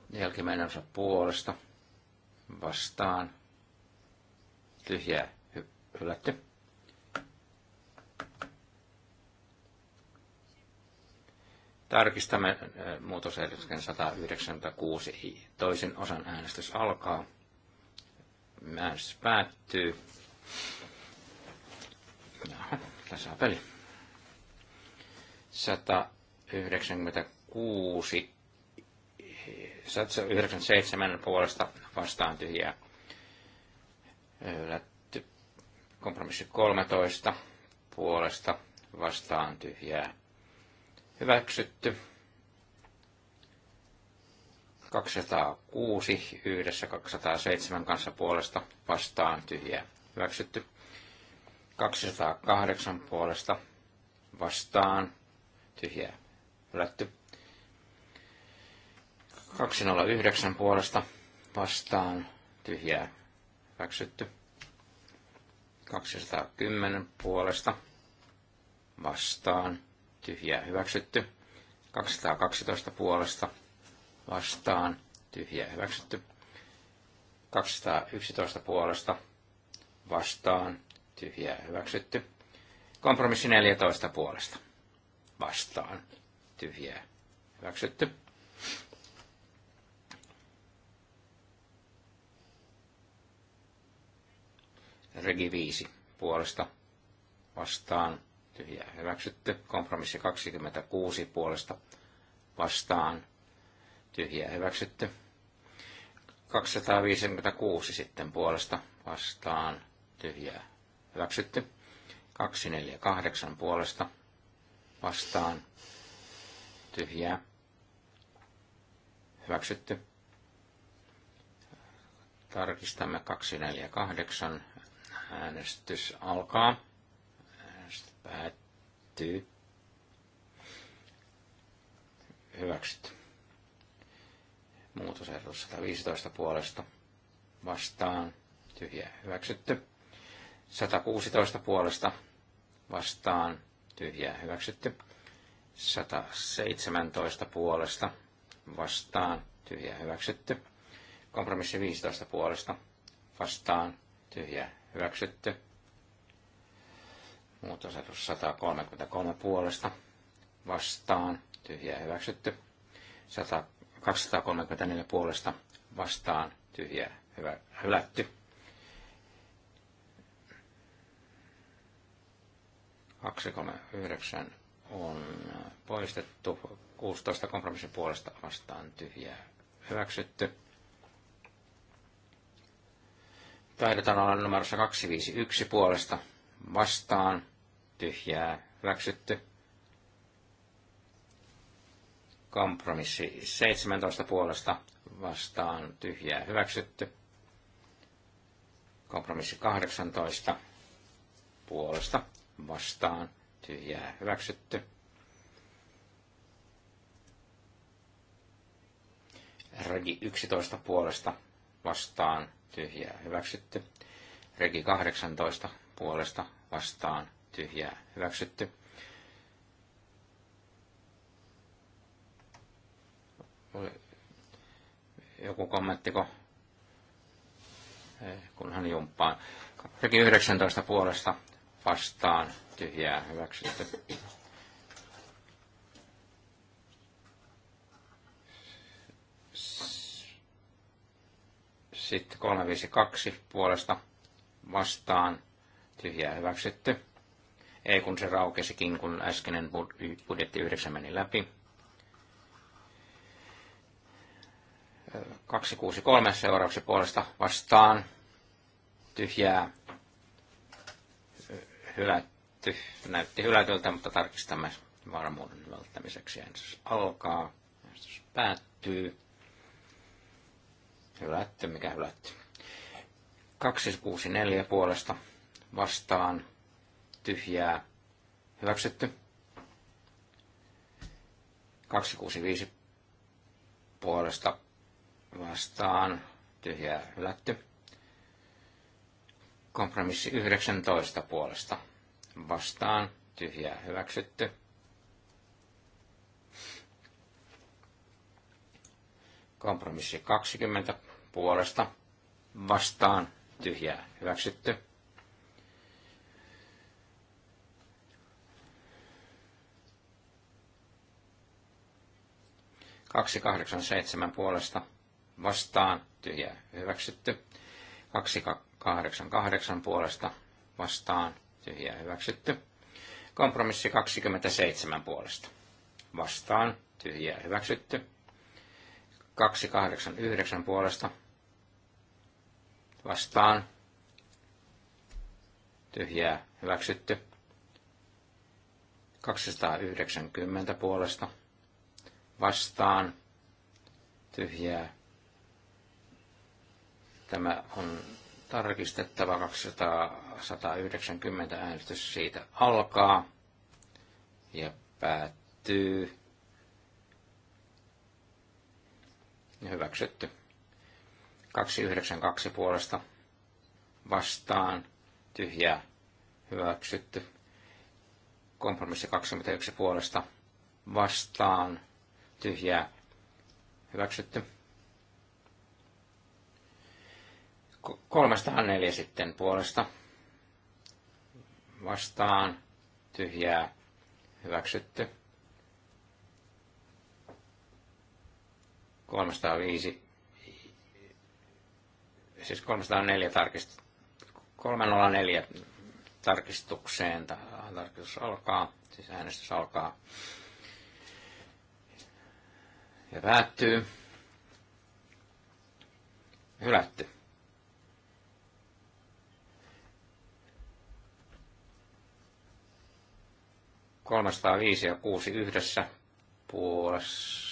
Jälkimmäinen osa puolesta vastaan. Tyhjää hy- hylätty. Tarkistamme äh, muutosehdotuksen 196. Toisen osan äänestys alkaa. Äänestys päättyy. Jaha, tässä on peli. 196 197 puolesta vastaan tyhjää. Kompromissi 13 puolesta vastaan tyhjää Hyväksytty. 206 yhdessä 207 kanssa puolesta vastaan tyhjää. Hyväksytty. 208 puolesta vastaan tyhjää. Hylätty. 209 puolesta vastaan tyhjää. Hyväksytty. 210 puolesta vastaan tyhjää hyväksytty. 212 puolesta vastaan, tyhjää hyväksytty. 211 puolesta vastaan, tyhjää hyväksytty. Kompromissi 14 puolesta vastaan, tyhjää hyväksytty. Regi 5 puolesta vastaan, tyhjää hyväksytty. Kompromissi 26 puolesta vastaan tyhjää hyväksytty. 256 sitten puolesta vastaan tyhjää hyväksytty. 248 puolesta vastaan tyhjää hyväksytty. Tarkistamme 248. Äänestys alkaa. Päättyy. Hyväksytty. Muutosehdotus 115 puolesta vastaan. Tyhjä hyväksytty. 116 puolesta vastaan. Tyhjä hyväksytty. 117 puolesta vastaan. Tyhjä hyväksytty. Kompromissi 15 puolesta vastaan. Tyhjä hyväksytty. Muutosehdotus 133 puolesta vastaan, tyhjä hyväksytty. 100, 234 puolesta vastaan, tyhjä hyvä, hylätty. 239 on poistettu, 16 kompromissin puolesta vastaan tyhjää hyväksytty. Taidetaan olla numerossa 251 puolesta vastaan tyhjää hyväksytty. Kompromissi 17 puolesta vastaan tyhjää hyväksytty. Kompromissi 18 puolesta vastaan tyhjää hyväksytty. Regi 11 puolesta vastaan tyhjää hyväksytty. Regi 18 puolesta vastaan tyhjää hyväksytty. Joku kommenttiko? Kunhan jumppaan. 19 puolesta vastaan tyhjää hyväksytty. Sitten 352 puolesta vastaan tyhjää hyväksytty. Ei kun se raukesikin, kun äskeinen budjetti yhdeksän meni läpi. 263 seuraavaksi puolesta vastaan. Tyhjää hylätty. Näytti hylätyltä, mutta tarkistamme varmuuden välttämiseksi. ensin alkaa, Ensin päättyy. Hylätty, mikä hylätty. 264 puolesta vastaan tyhjää hyväksytty. 265 puolesta vastaan tyhjää hylätty. Kompromissi 19 puolesta vastaan tyhjää hyväksytty. Kompromissi 20 puolesta vastaan tyhjää hyväksytty. 287 puolesta vastaan tyhjä hyväksytty. 288 puolesta vastaan tyhjä hyväksytty. Kompromissi 27 puolesta vastaan tyhjä hyväksytty. 289 puolesta vastaan tyhjää hyväksytty. 290 puolesta vastaan tyhjää. Tämä on tarkistettava 290 äänestys siitä alkaa ja päättyy. Hyväksytty. 292 puolesta vastaan tyhjää hyväksytty. Kompromissi 21 puolesta vastaan tyhjää hyväksytty. Kolmesta neljä sitten puolesta vastaan tyhjää hyväksytty. 305, siis 304 tarkist, 304 tarkistukseen, tarkistus alkaa, siis äänestys alkaa ja päättyy. Hylätty. Kolmesta viisi ja kuusi yhdessä puolesta,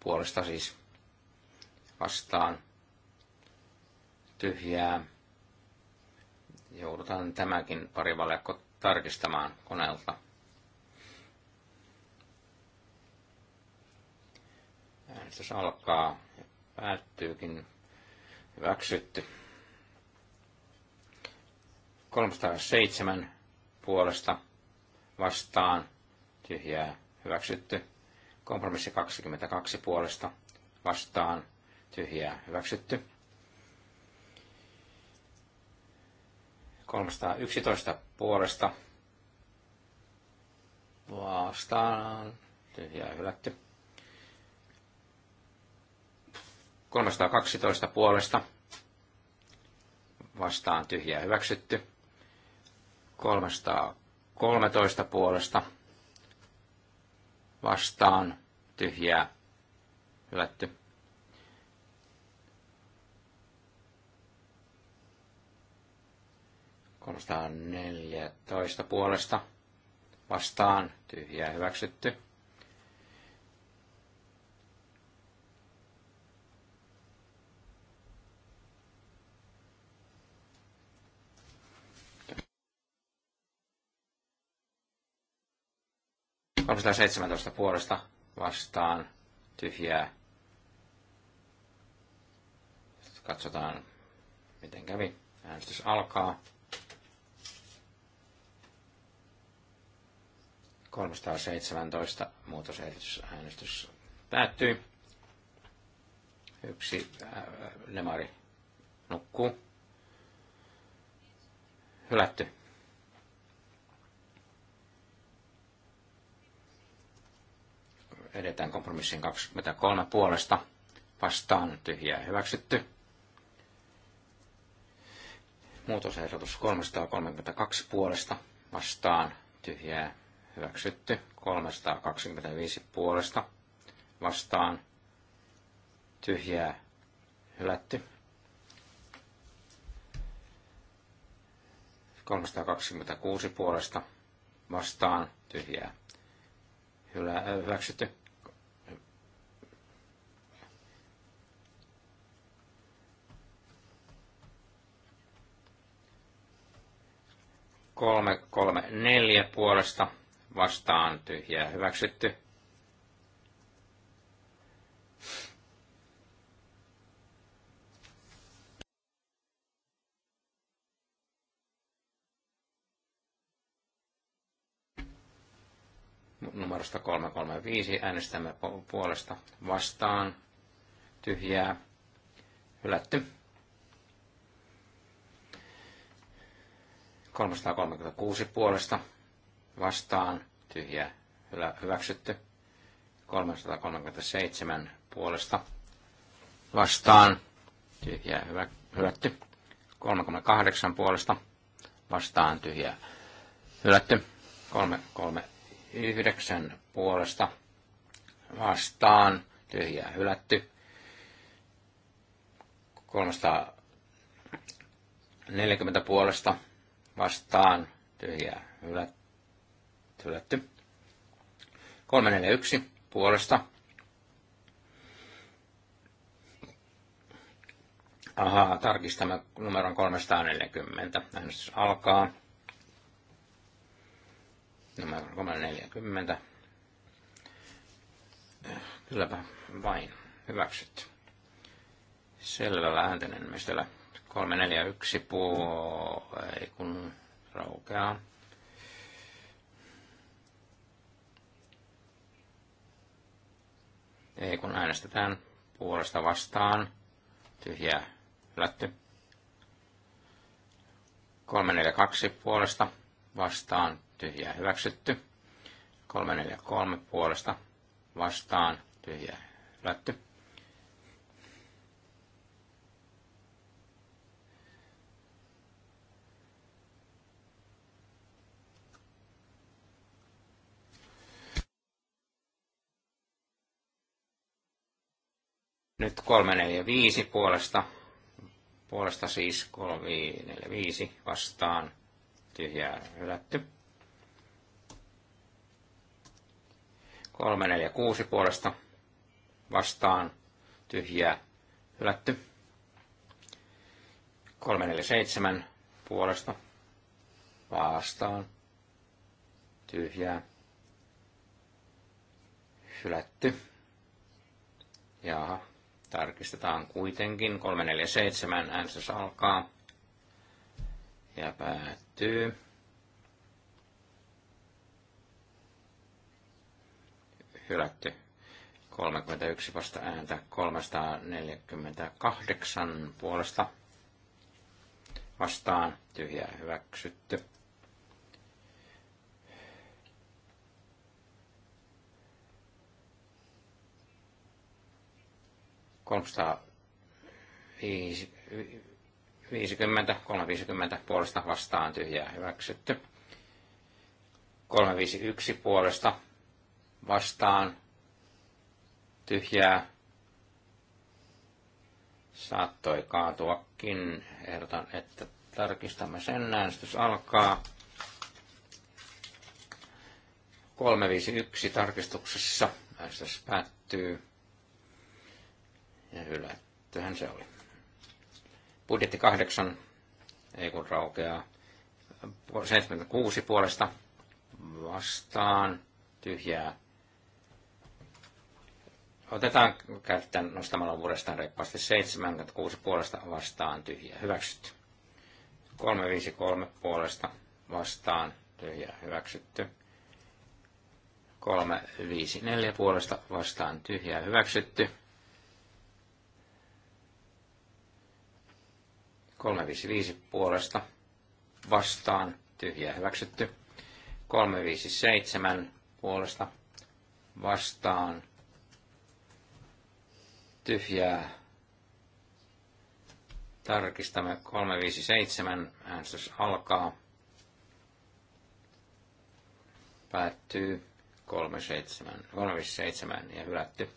Puolesta siis vastaan tyhjää. Joudutaan tämäkin parivalekko tarkistamaan koneelta. Äänestys alkaa ja päättyykin. Hyväksytty. 307 puolesta vastaan tyhjää hyväksytty. Kompromissi 22 puolesta vastaan tyhjää hyväksytty. 311 puolesta vastaan tyhjää hylätty. 312 puolesta vastaan tyhjää hyväksytty. 313 puolesta vastaan tyhjää hylätty. 314 puolesta vastaan tyhjää hyväksytty. 317 puolesta vastaan tyhjää. Sitten katsotaan, miten kävi. Äänestys alkaa. 317 muutosehdotus äänestys päättyy. Yksi lemari äh, äh, nukkuu. Hylätty. edetään kompromissin 23 puolesta vastaan tyhjää hyväksytty. Muutosehdotus 332 puolesta vastaan tyhjää hyväksytty. 325 puolesta vastaan tyhjää hylätty. 326 puolesta vastaan tyhjää hyväksytty. 334 puolesta vastaan tyhjää hyväksytty. numerosta 335 äänestämme puolesta vastaan tyhjää hylätty. 336 puolesta vastaan tyhjä hyväksytty. 337 puolesta vastaan tyhjä hyvä, hylätty. 38 puolesta vastaan tyhjä hylätty. 339 puolesta vastaan tyhjä hylätty. 340 puolesta vastaan tyhjää hylätty. 341 puolesta. Ahaa, tarkistamme numeron 340. Äänestys alkaa. Numero 340. Kylläpä vain hyväksytty. Selvä äänten enemmistöllä. 341 4, puu, ei kun raukeaa. Ei kun äänestetään puolesta vastaan, Tyhjä hylätty. 342 puolesta vastaan, Tyhjä hyväksytty. 343 puolesta vastaan, Tyhjä hylätty. Nyt 345 puolesta. Puolesta siis 345 vastaan. Tyhjää hylätty. 346 puolesta vastaan. Tyhjää hylätty. 347 puolesta vastaan. Tyhjää hylätty. Jaha, Tarkistetaan kuitenkin. 347 äänestys alkaa ja päättyy. Hylätty. 31 vasta ääntä, 348 puolesta vastaan, tyhjää hyväksytty. 350, 350 puolesta vastaan tyhjää hyväksytty. 351 puolesta vastaan tyhjää saattoi kaatuakin. Ehdotan, että tarkistamme sen. Äänestys alkaa. 351 tarkistuksessa äänestys päättyy. Ja hylättyhän se oli. Budjetti kahdeksan, ei kun raukeaa. 76 puolesta vastaan, tyhjää. Otetaan käyttöön nostamalla uudestaan reippaasti 76 puolesta vastaan tyhjää. Hyväksytty. 353 puolesta vastaan tyhjää. Hyväksytty. 354 puolesta vastaan tyhjää. Hyväksytty. 355 puolesta vastaan tyhjä hyväksytty. 357 puolesta vastaan tyhjää. Tarkistamme 357. Äänestys alkaa. Päättyy 37, 357 ja hylätty.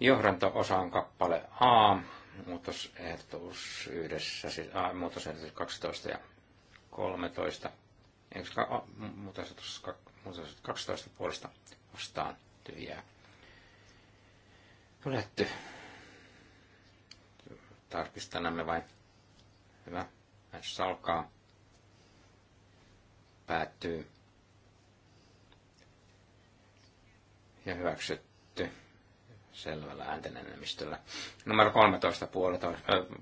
Johdanto-osaan kappale A muutosehdotus yhdessä, siis a, muutosehdotus 12 ja 13, eikö ka, muutosehdotus, muutosehdotus 12 puolesta vastaan tyhjää. Hylätty. Tarkistanemme vai? Hyvä. Äänestys alkaa. Päättyy. Ja hyväksytty selvällä äänten Numero 13 puolesta, äh,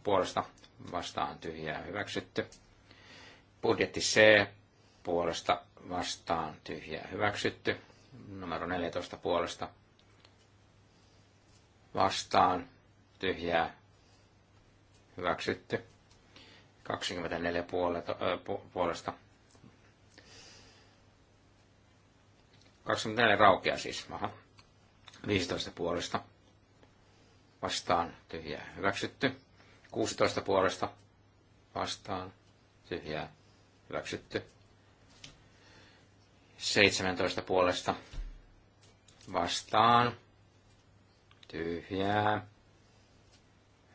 puolesta vastaan tyhjää hyväksytty. Budjetti C puolesta vastaan tyhjää hyväksytty. Numero 14 puolesta vastaan tyhjää hyväksytty. 24 puoleta, äh, pu, puolesta 24 raukea siis. Aha. 15 puolesta vastaan tyhjää hyväksytty. 16 puolesta vastaan tyhjää hyväksytty. 17 puolesta vastaan tyhjää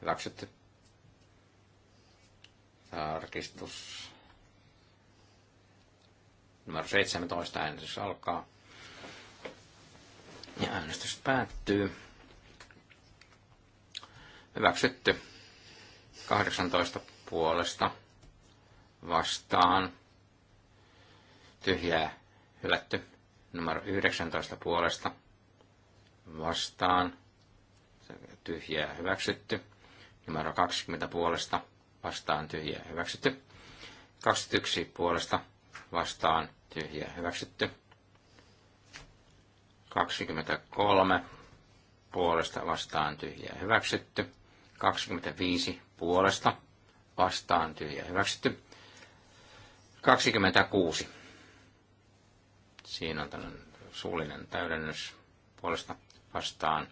hyväksytty. Tarkistus. Numero 17 äänestys alkaa. Ja äänestys päättyy. Hyväksytty. 18 puolesta vastaan. Tyhjää hylätty. Numero 19 puolesta vastaan. Tyhjää hyväksytty. Numero 20 puolesta vastaan tyhjää hyväksytty. 21 puolesta vastaan tyhjää hyväksytty. 23 puolesta vastaan tyhjä hyväksytty. 25 puolesta vastaan tyhjä hyväksytty. 26. Siinä on tällainen suullinen täydennys puolesta vastaan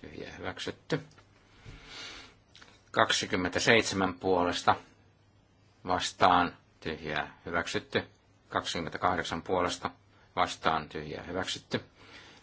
tyhjä hyväksytty. 27 puolesta vastaan tyhjä hyväksytty. 28 puolesta vastaan tyhjä hyväksytty.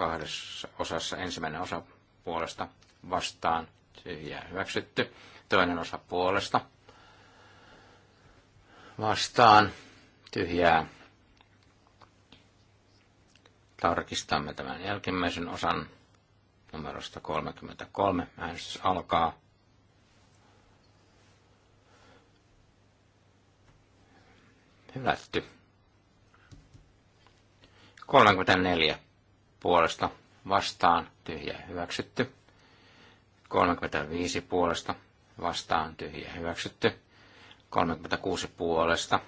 kahdessa osassa. Ensimmäinen osa puolesta vastaan tyhjää hyväksytty. Toinen osa puolesta vastaan tyhjää. Tarkistamme tämän jälkimmäisen osan numerosta 33. Äänestys alkaa. Hylätty. 34 puolesta vastaan tyhjä hyväksytty. 35 puolesta vastaan tyhjä hyväksytty. 36 puolesta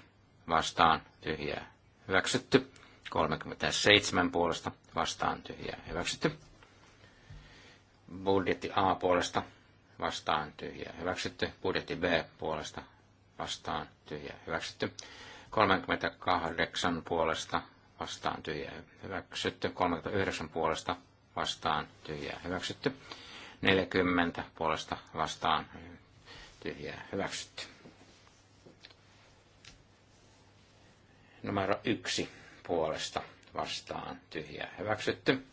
vastaan tyhjä hyväksytty. 37 puolesta vastaan tyhjä hyväksytty. Budjetti A puolesta vastaan tyhjä hyväksytty. Budjetti B puolesta vastaan tyhjä hyväksytty. 38 puolesta vastaan tyhjää hyväksytty. 39 puolesta vastaan tyhjää hyväksytty. 40 puolesta vastaan tyhjää hyväksytty. Numero 1 puolesta vastaan tyhjää hyväksytty.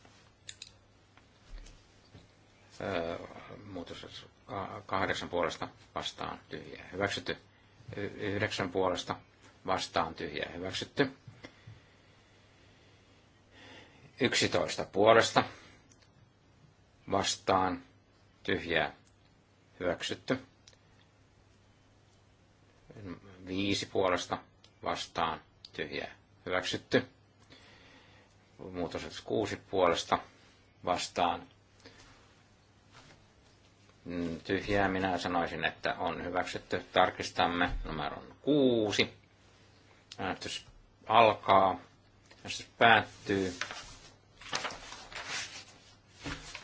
Öö, muutos kahdeksan puolesta vastaan tyhjää hyväksytty. Yhdeksän puolesta vastaan tyhjää hyväksytty. 11 puolesta vastaan tyhjää hyväksytty. Viisi puolesta vastaan tyhjää hyväksytty. Muutos kuusi puolesta vastaan mm, tyhjää minä sanoisin, että on hyväksytty. Tarkistamme numeron kuusi. Äänestys alkaa. Äänestys päättyy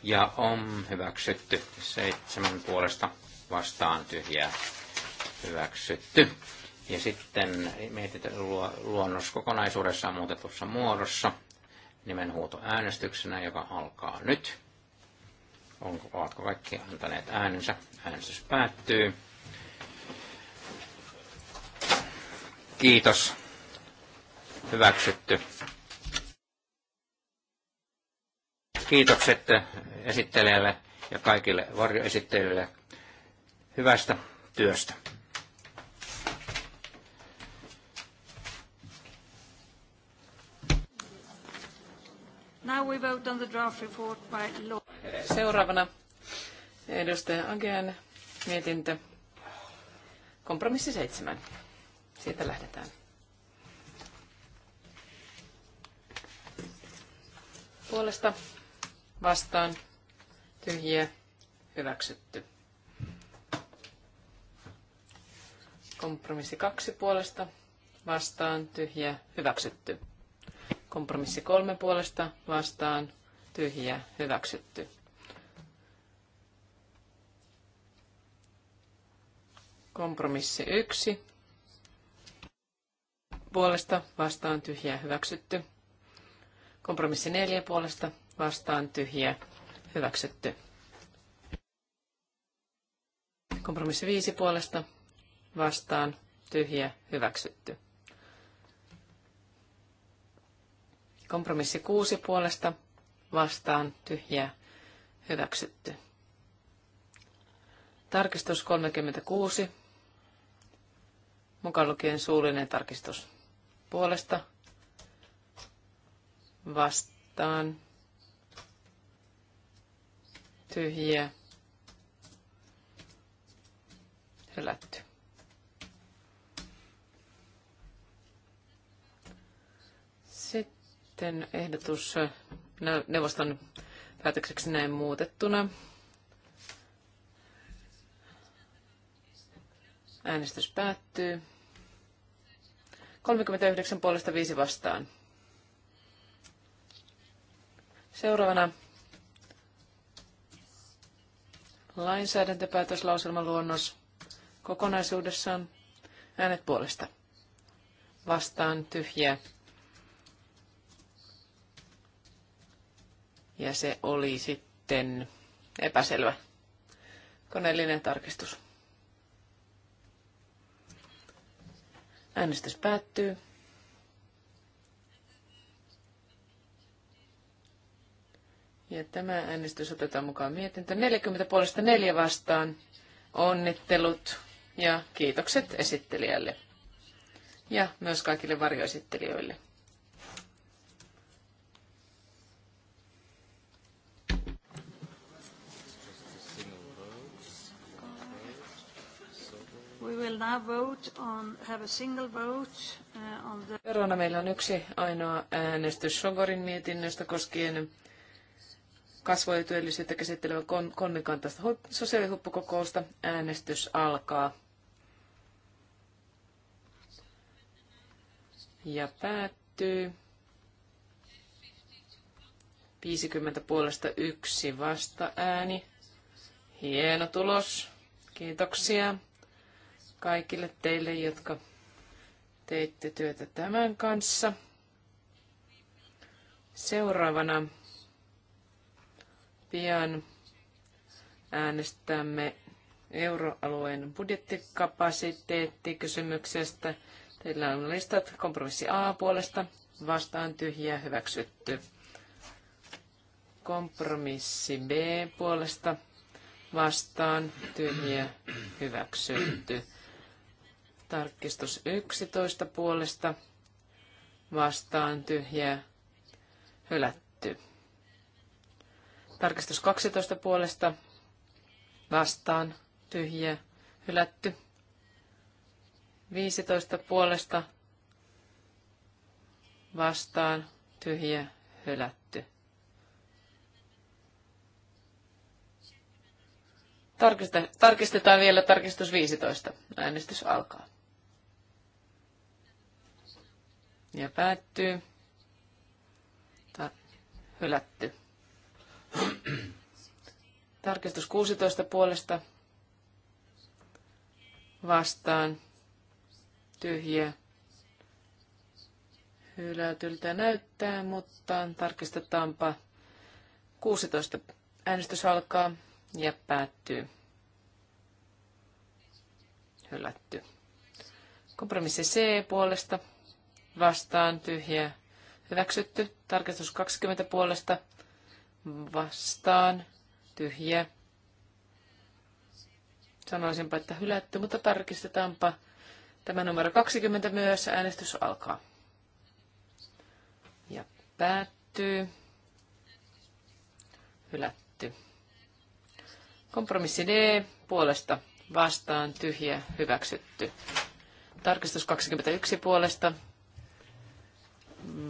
ja on hyväksytty seitsemän puolesta vastaan tyhjää hyväksytty. Ja sitten mietitään luonnos kokonaisuudessaan muutetussa muodossa nimenhuuto äänestyksenä, joka alkaa nyt. Onko, ovatko kaikki antaneet äänensä? Äänestys päättyy. Kiitos. Hyväksytty. Kiitokset äh, esittelijälle ja kaikille varjoesittelijöille hyvästä työstä. Now we vote on the draft report by law. Seuraavana edustaja Agen mietintö. Kompromissi seitsemän. Siitä lähdetään. Puolesta vastaan tyhjiä hyväksytty. Kompromissi kaksi puolesta vastaan tyhjiä hyväksytty. Kompromissi kolme puolesta vastaan tyhjiä hyväksytty. Kompromissi yksi puolesta vastaan tyhjiä hyväksytty. Kompromissi neljä puolesta vastaan tyhjiä hyväksytty. Kompromissi 5 puolesta vastaan tyhjiä hyväksytty. Kompromissi 6 puolesta vastaan tyhjiä hyväksytty. Tarkistus 36. Mukaan lukien suullinen tarkistus puolesta vastaan tyhjiä, hylätty. Sitten ehdotus neuvoston päätökseksi näin muutettuna. Äänestys päättyy. 39 puolesta 5 vastaan. Seuraavana Lainsäädäntöpäätöslauselmaluonnos kokonaisuudessaan. Äänet puolesta. Vastaan tyhjä Ja se oli sitten epäselvä koneellinen tarkistus. Äänestys päättyy. Ja tämä äänestys otetaan mukaan mietintö. 40 puolesta 4 vastaan. Onnittelut ja kiitokset esittelijälle ja myös kaikille varjoesittelijöille. We uh, meillä on yksi ainoa äänestys Sogorin mietinnöstä koskien kasvoja ja työllisyyttä käsittelevän konnikan kolmikantaista sosiaalihuppukokousta. Äänestys alkaa. Ja päättyy. 50 puolesta yksi vasta ääni. Hieno tulos. Kiitoksia kaikille teille, jotka teitte työtä tämän kanssa. Seuraavana Pian äänestämme euroalueen budjettikapasiteettikysymyksestä. Teillä on listat kompromissi A puolesta, vastaan tyhjä, hyväksytty. Kompromissi B puolesta, vastaan tyhjä, hyväksytty. Tarkistus 11 puolesta, vastaan tyhjä, hylätty. Tarkistus 12 puolesta vastaan tyhjiä hylätty. 15 puolesta vastaan tyhjiä hylätty. Tarkistetaan vielä tarkistus 15. Äänestys alkaa. Ja päättyy. Ta- hylätty. Tarkistus 16 puolesta vastaan tyhjä, Hylätyltä näyttää, mutta tarkistetaanpa. 16 äänestys alkaa ja päättyy. Hylätty. Kompromissi C puolesta vastaan tyhjä hyväksytty. Tarkistus 20 puolesta vastaan, tyhjä. Sanoisinpa, että hylätty, mutta tarkistetaanpa. Tämä numero 20 myös, äänestys alkaa. Ja päättyy. Hylätty. Kompromissi D, puolesta, vastaan, tyhjä, hyväksytty. Tarkistus 21 puolesta,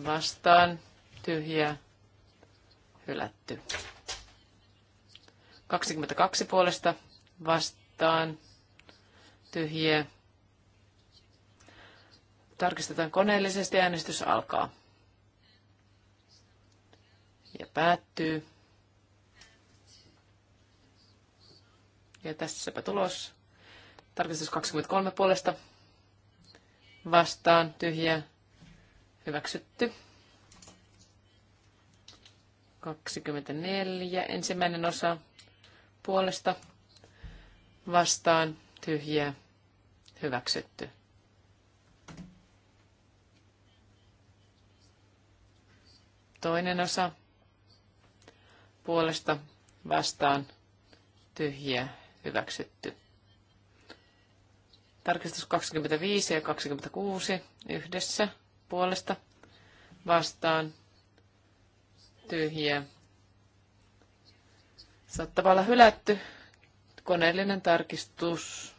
vastaan, tyhjä, hylätty. 22 puolesta vastaan tyhjiä. Tarkistetaan koneellisesti, äänestys alkaa. Ja päättyy. Ja tässäpä tulos. Tarkistus 23 puolesta vastaan tyhjiä hyväksytty. 24. Ensimmäinen osa puolesta vastaan tyhjiä hyväksytty. Toinen osa puolesta vastaan tyhjiä hyväksytty. Tarkistus 25 ja 26 yhdessä puolesta vastaan tyhjiä. Saattaa olla hylätty koneellinen tarkistus.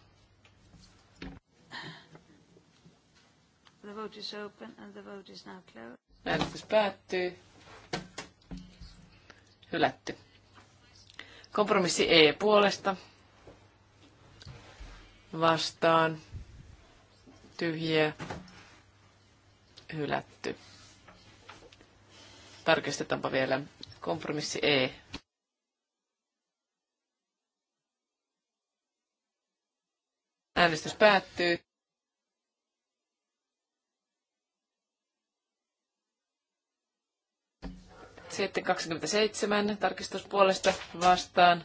The vote is open and the vote is now closed. Äänestys päättyy. Hylätty. Kompromissi E puolesta. Vastaan. Tyhjiä. Hylätty. Tarkistetaanpa vielä kompromissi E. Äänestys päättyy. Sitten 27 tarkistuspuolesta vastaan.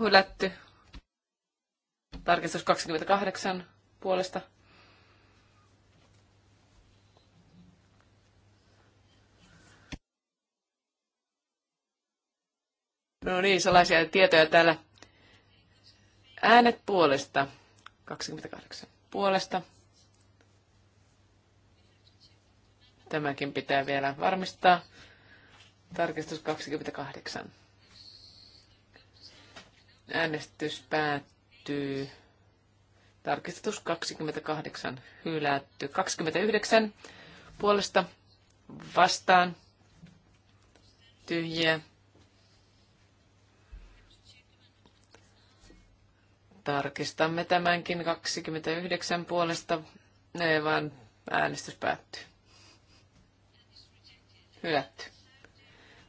Hylätty. Tarkistus 28 puolesta No niin, salaisia tietoja täällä. Äänet puolesta. 28 puolesta. Tämäkin pitää vielä varmistaa. Tarkistus 28. Äänestys päättyy. Tarkistus 28 hylätty. 29 puolesta vastaan tyhjiä Tarkistamme tämänkin 29 puolesta, ne vaan äänestys päättyy. Hylätty.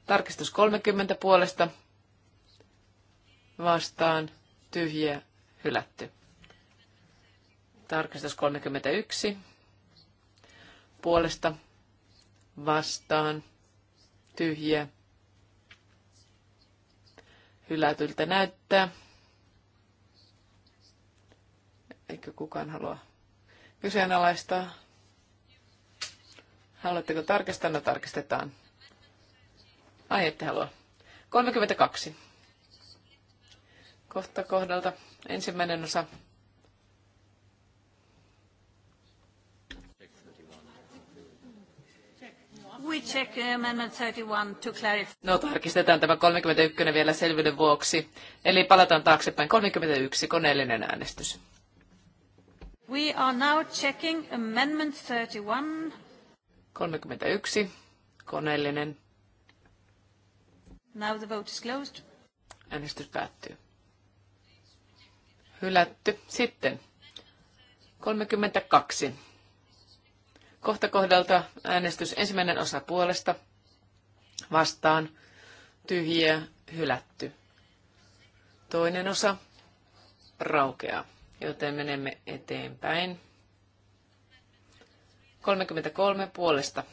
Tarkistus 30 puolesta vastaan tyhjiä hylätty. Tarkistus 31 puolesta vastaan tyhjiä hylätyltä näyttää. Eikö kukaan halua kyseenalaistaa? Haluatteko tarkistaa? No tarkistetaan. Ai ette halua. 32. Kohta kohdalta ensimmäinen osa. We check uh, amendment 31 to clarify. No tarkistetaan tämä 31 vielä selvyyden vuoksi. Eli palataan taaksepäin. 31 koneellinen äänestys. We are now checking amendment 31. 31. Koneellinen. Now the vote is closed. Äänestys päättyy. Hylätty. Sitten 32. Kohta kohdalta äänestys ensimmäinen osa puolesta. Vastaan. Tyhjiä. Hylätty. Toinen osa raukeaa joten menemme eteenpäin. 33 puolesta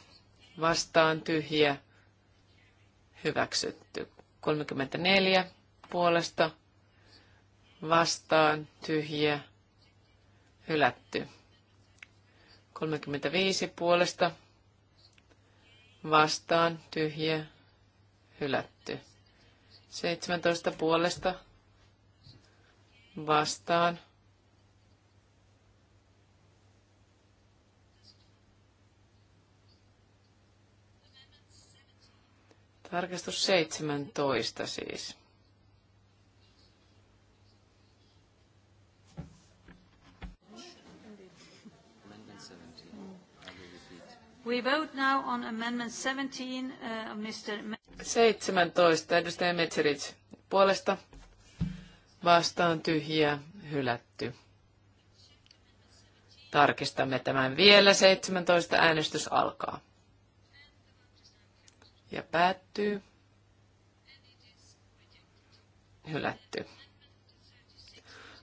vastaan tyhjä hyväksytty. 34 puolesta vastaan tyhjä hylätty. 35 puolesta vastaan tyhjä hylätty. 17 puolesta vastaan Tarkistus 17 siis. We vote now on amendment 17 uh, Mr. 17 edustaja Metseric puolesta vastaan tyhjä, hylätty. Tarkistamme tämän vielä. 17 äänestys alkaa ja päättyy. Hylätty.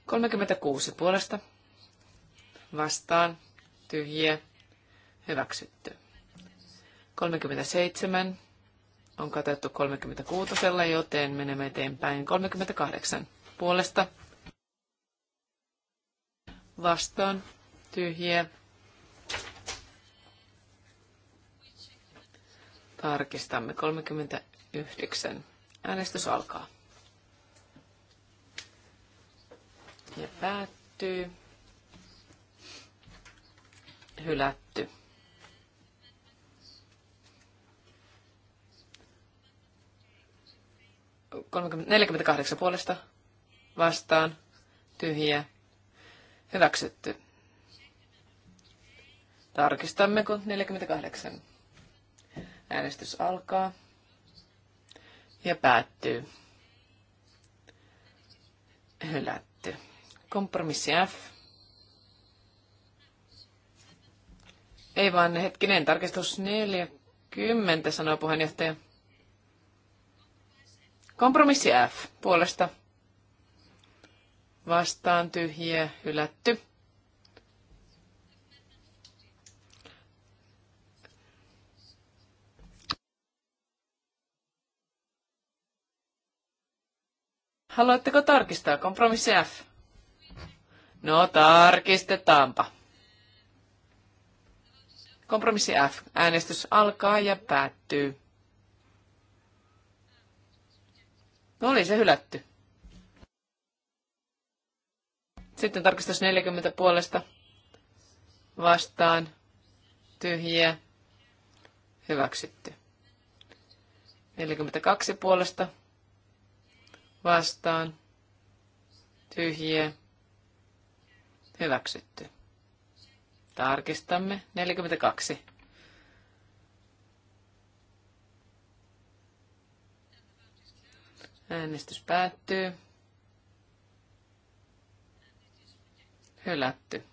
36 puolesta vastaan tyhjiä hyväksytty. 37 on katettu 36, joten menemme eteenpäin 38 puolesta vastaan tyhjiä Tarkistamme 39. Äänestys alkaa. Ja päättyy. Hylätty. Neljäkymmentäkahdeksan puolesta vastaan tyhjiä hyväksytty. kun 48? Äänestys alkaa ja päättyy. Hylätty. Kompromissi F. Ei vaan hetkinen, tarkistus 40, sanoo puheenjohtaja. Kompromissi F puolesta. Vastaan tyhjiä, hylätty. Haluatteko tarkistaa kompromissi F? No tarkistetaanpa. Kompromissi F. Äänestys alkaa ja päättyy. No oli se hylätty. Sitten tarkistus 40 puolesta. Vastaan. Tyhjiä. Hyväksytty. 42 puolesta vastaan, tyhjiä, hyväksytty. Tarkistamme. 42. Äänestys päättyy. Hylätty.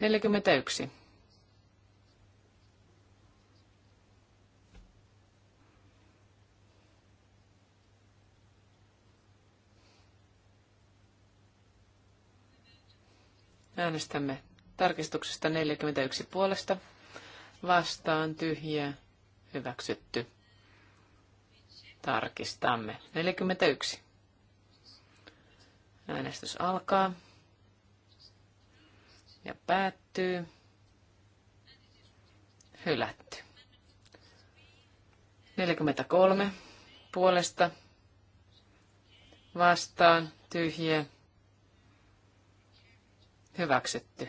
41. Äänestämme tarkistuksesta 41 puolesta. Vastaan tyhjä, hyväksytty. Tarkistamme. 41. Äänestys alkaa ja päättyy. Hylätty. 43 puolesta vastaan tyhjä, Hyväksytty.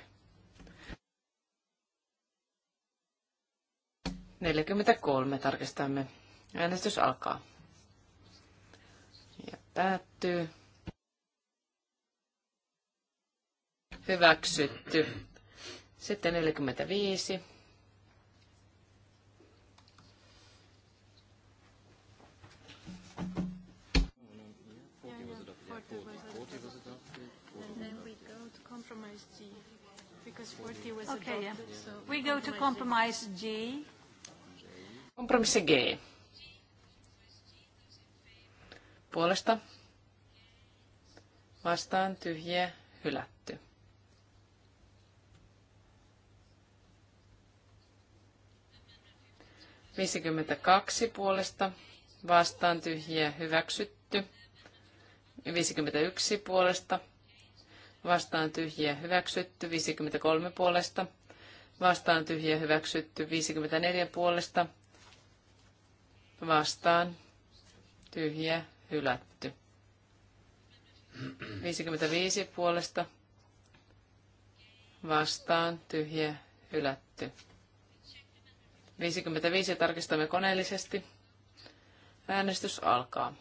43 tarkistamme. Äänestys alkaa. Ja päättyy. Hyväksytty. Sitten 45 compromise G? Because 40 was adopted, okay, Yeah. we go to compromise G. Compromise G. Puolesta. Vastaan tyhjiä, hylätty. Viisikymmentäkaksi puolesta vastaan tyhjiä hyväksytty. Viisikymmentäyksi puolesta vastaan tyhjiä hyväksytty 53 puolesta, vastaan tyhjiä hyväksytty 54 puolesta, vastaan tyhjiä hylätty. 55 puolesta vastaan tyhjiä hylätty. 55 tarkistamme koneellisesti. Äänestys alkaa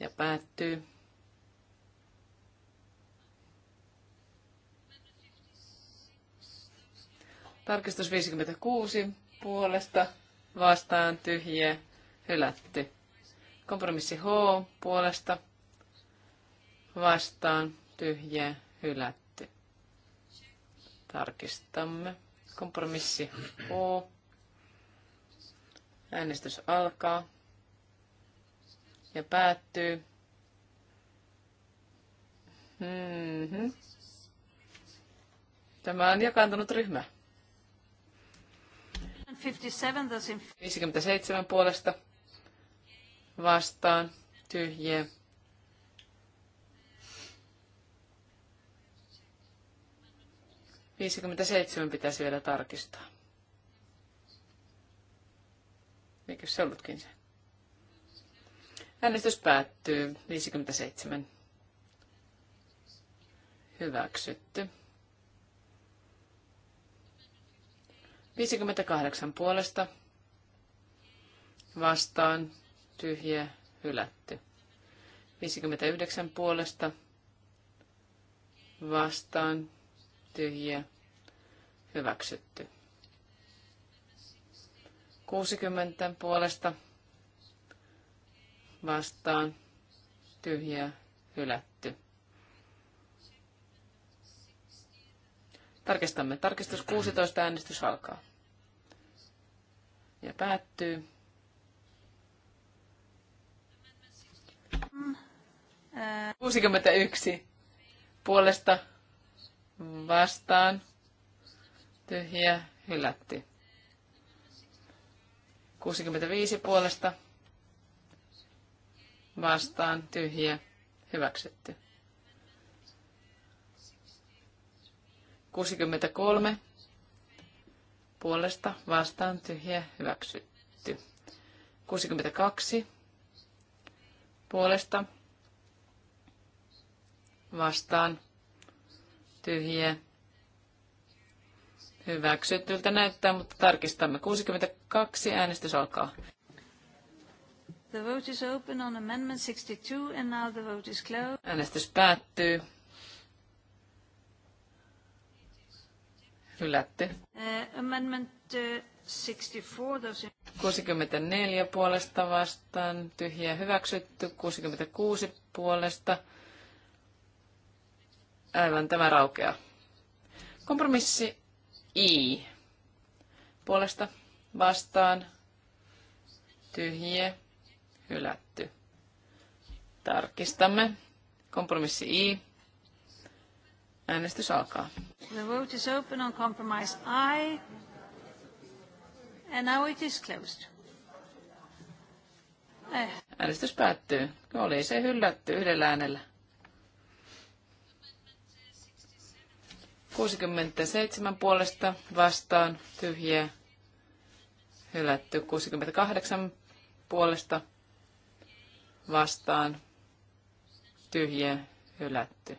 ja päättyy. Tarkistus 56 puolesta vastaan tyhjä. hylätty. Kompromissi H puolesta vastaan tyhjä. hylätty. Tarkistamme. Kompromissi H. Äänestys alkaa ja päättyy. Mm-hmm. Tämä on jakaantunut ryhmä. 57, 57 puolesta vastaan tyhjiä. seitsemän pitäisi vielä tarkistaa. Eikö se ollutkin se? Äänestys päättyy. 57. Hyväksytty. 58 puolesta vastaan tyhjä hylätty. 59 puolesta vastaan tyhjä hyväksytty. 60 puolesta vastaan tyhjä hylätty. Tarkistamme. Tarkistus 16. Äänestys alkaa ja päättyy. Mm. 61 puolesta vastaan tyhjä hylätty. 65 puolesta vastaan tyhjä hyväksytty. 63 puolesta vastaan tyhjä hyväksytty. 62 puolesta vastaan tyhjä hyväksyttyltä näyttää, mutta tarkistamme. 62 äänestys alkaa. The vote is open on amendment 62 and now the vote is closed. Äänestys päättyy. Hylätty. 64, eh, eh, puolesta vastaan, tyhjä hyväksytty, 66 puolesta. Aivan tämä raukea Kompromissi I. Puolesta vastaan, tyhjä, hylätty. Tarkistamme. Kompromissi I. Äänestys alkaa. The vote is open on compromise I. And now it is closed. Eh. Äänestys päättyy. Oli se hyllätty yhdellä äänellä. 67 puolesta vastaan tyhjiä. Hylätty 68 puolesta vastaan tyhjiä hylätty.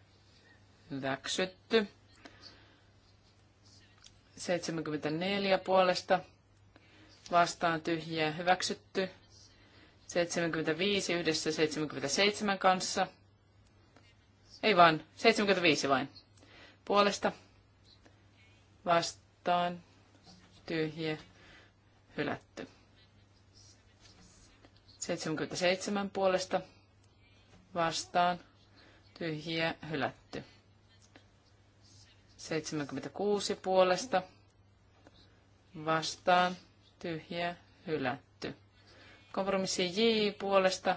hyväksytty. 74 puolesta vastaan tyhjiä hyväksytty. 75 yhdessä 77 kanssa. Ei vaan, 75 vain. Puolesta vastaan tyhjiä hylätty. 77 puolesta vastaan tyhjiä hylätty. 76 puolesta vastaan tyhjä hylätty. Kompromissi J puolesta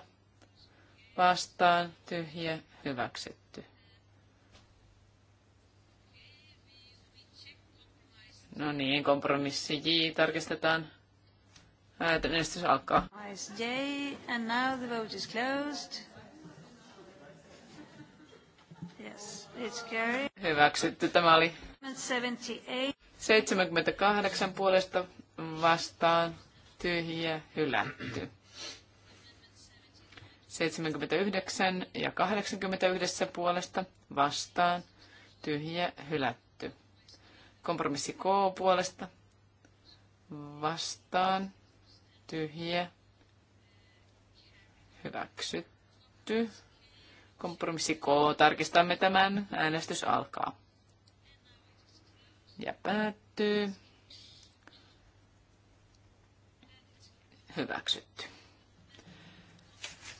vastaan tyhjä hyväksytty. No niin, kompromissi J tarkistetaan. Äänestys alkaa. J, and now the vote is closed. Hyväksytty. Tämä oli 78 puolesta vastaan tyhjä hylätty. 79 ja 81 puolesta vastaan tyhjä hylätty. Kompromissi K puolesta vastaan tyhjä hyväksytty. Kompromissi K. Tarkistamme tämän. Äänestys alkaa. Ja päättyy. Hyväksytty.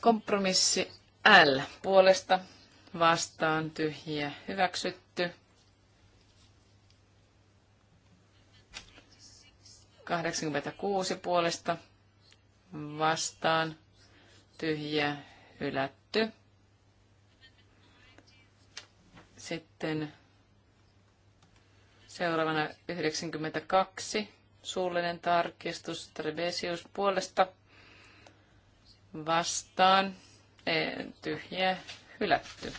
Kompromissi L puolesta vastaan tyhjä hyväksytty. 86 puolesta vastaan tyhjä hylätty. Sitten seuraavana 92, suullinen tarkistus Trebesius puolesta vastaan, e, tyhjä, hylätty.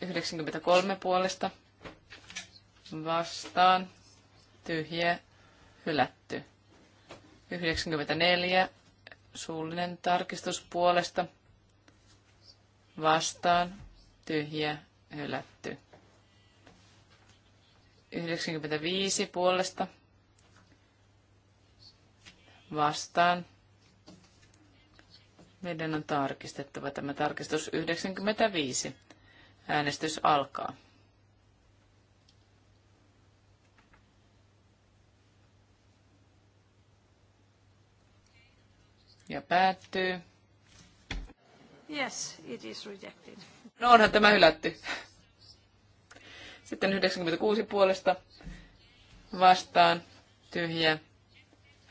93 puolesta vastaan, tyhjä, hylätty. 94 suullinen tarkistus puolesta vastaan, tyhjä, hylätty. 95 puolesta vastaan. Meidän on tarkistettava tämä tarkistus 95. Äänestys alkaa. Ja päättyy. Yes, it is rejected. No onhan tämä hylätty. Sitten 96 puolesta vastaan tyhjä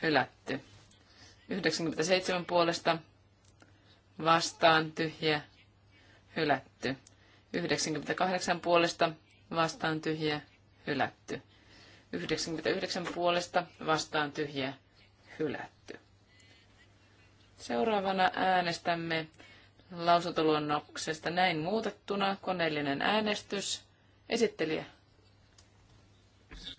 hylätty. 97 puolesta vastaan tyhjä hylätty. 98 puolesta vastaan tyhjä hylätty. 99 puolesta vastaan tyhjä hylätty. Seuraavana äänestämme lausuntoluonnoksesta näin muutettuna. Koneellinen äänestys. Esittelijä.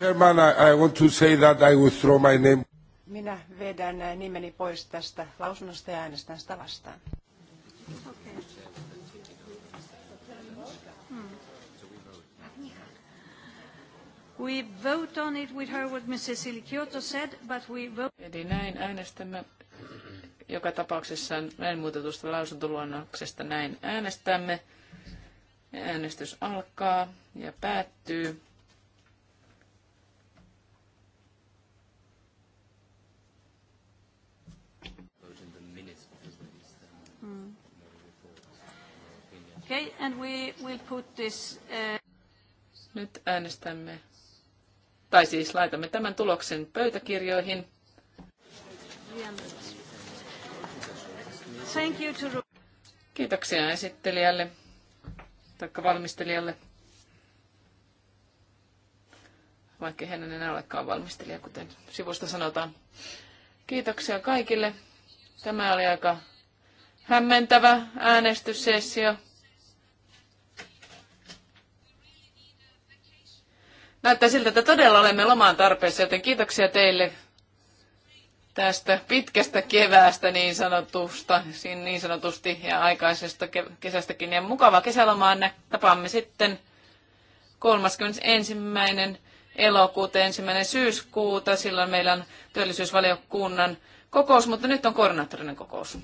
Chairman, I, want to say that I withdraw my name. Minä vedän nimeni pois tästä lausunnosta ja äänestän sitä vastaan. Hmm. We vote on it with her what Mrs. Kyoto said, but we vote... Eli näin äänestämme joka tapauksessa näin muutetusta lausuntoluonnoksesta näin äänestämme. Äänestys alkaa ja päättyy. Hmm. Okay, and we will put this, uh... Nyt äänestämme, tai siis laitamme tämän tuloksen pöytäkirjoihin. Yeah thank you to... Kiitoksia esittelijälle, taikka valmistelijalle. Vaikka hän en enää olekaan valmistelija, kuten sivusta sanotaan. Kiitoksia kaikille. Tämä oli aika hämmentävä äänestyssessio. Näyttää siltä, että todella olemme lomaan tarpeessa, joten kiitoksia teille tästä pitkästä keväästä niin sanotusta, niin sanotusti ja aikaisesta kesästäkin. Ja mukava kesälomaa tapaamme sitten 31. elokuuta, ensimmäinen syyskuuta. Silloin meillä on työllisyysvaliokunnan kokous, mutta nyt on koordinaattorinen kokous.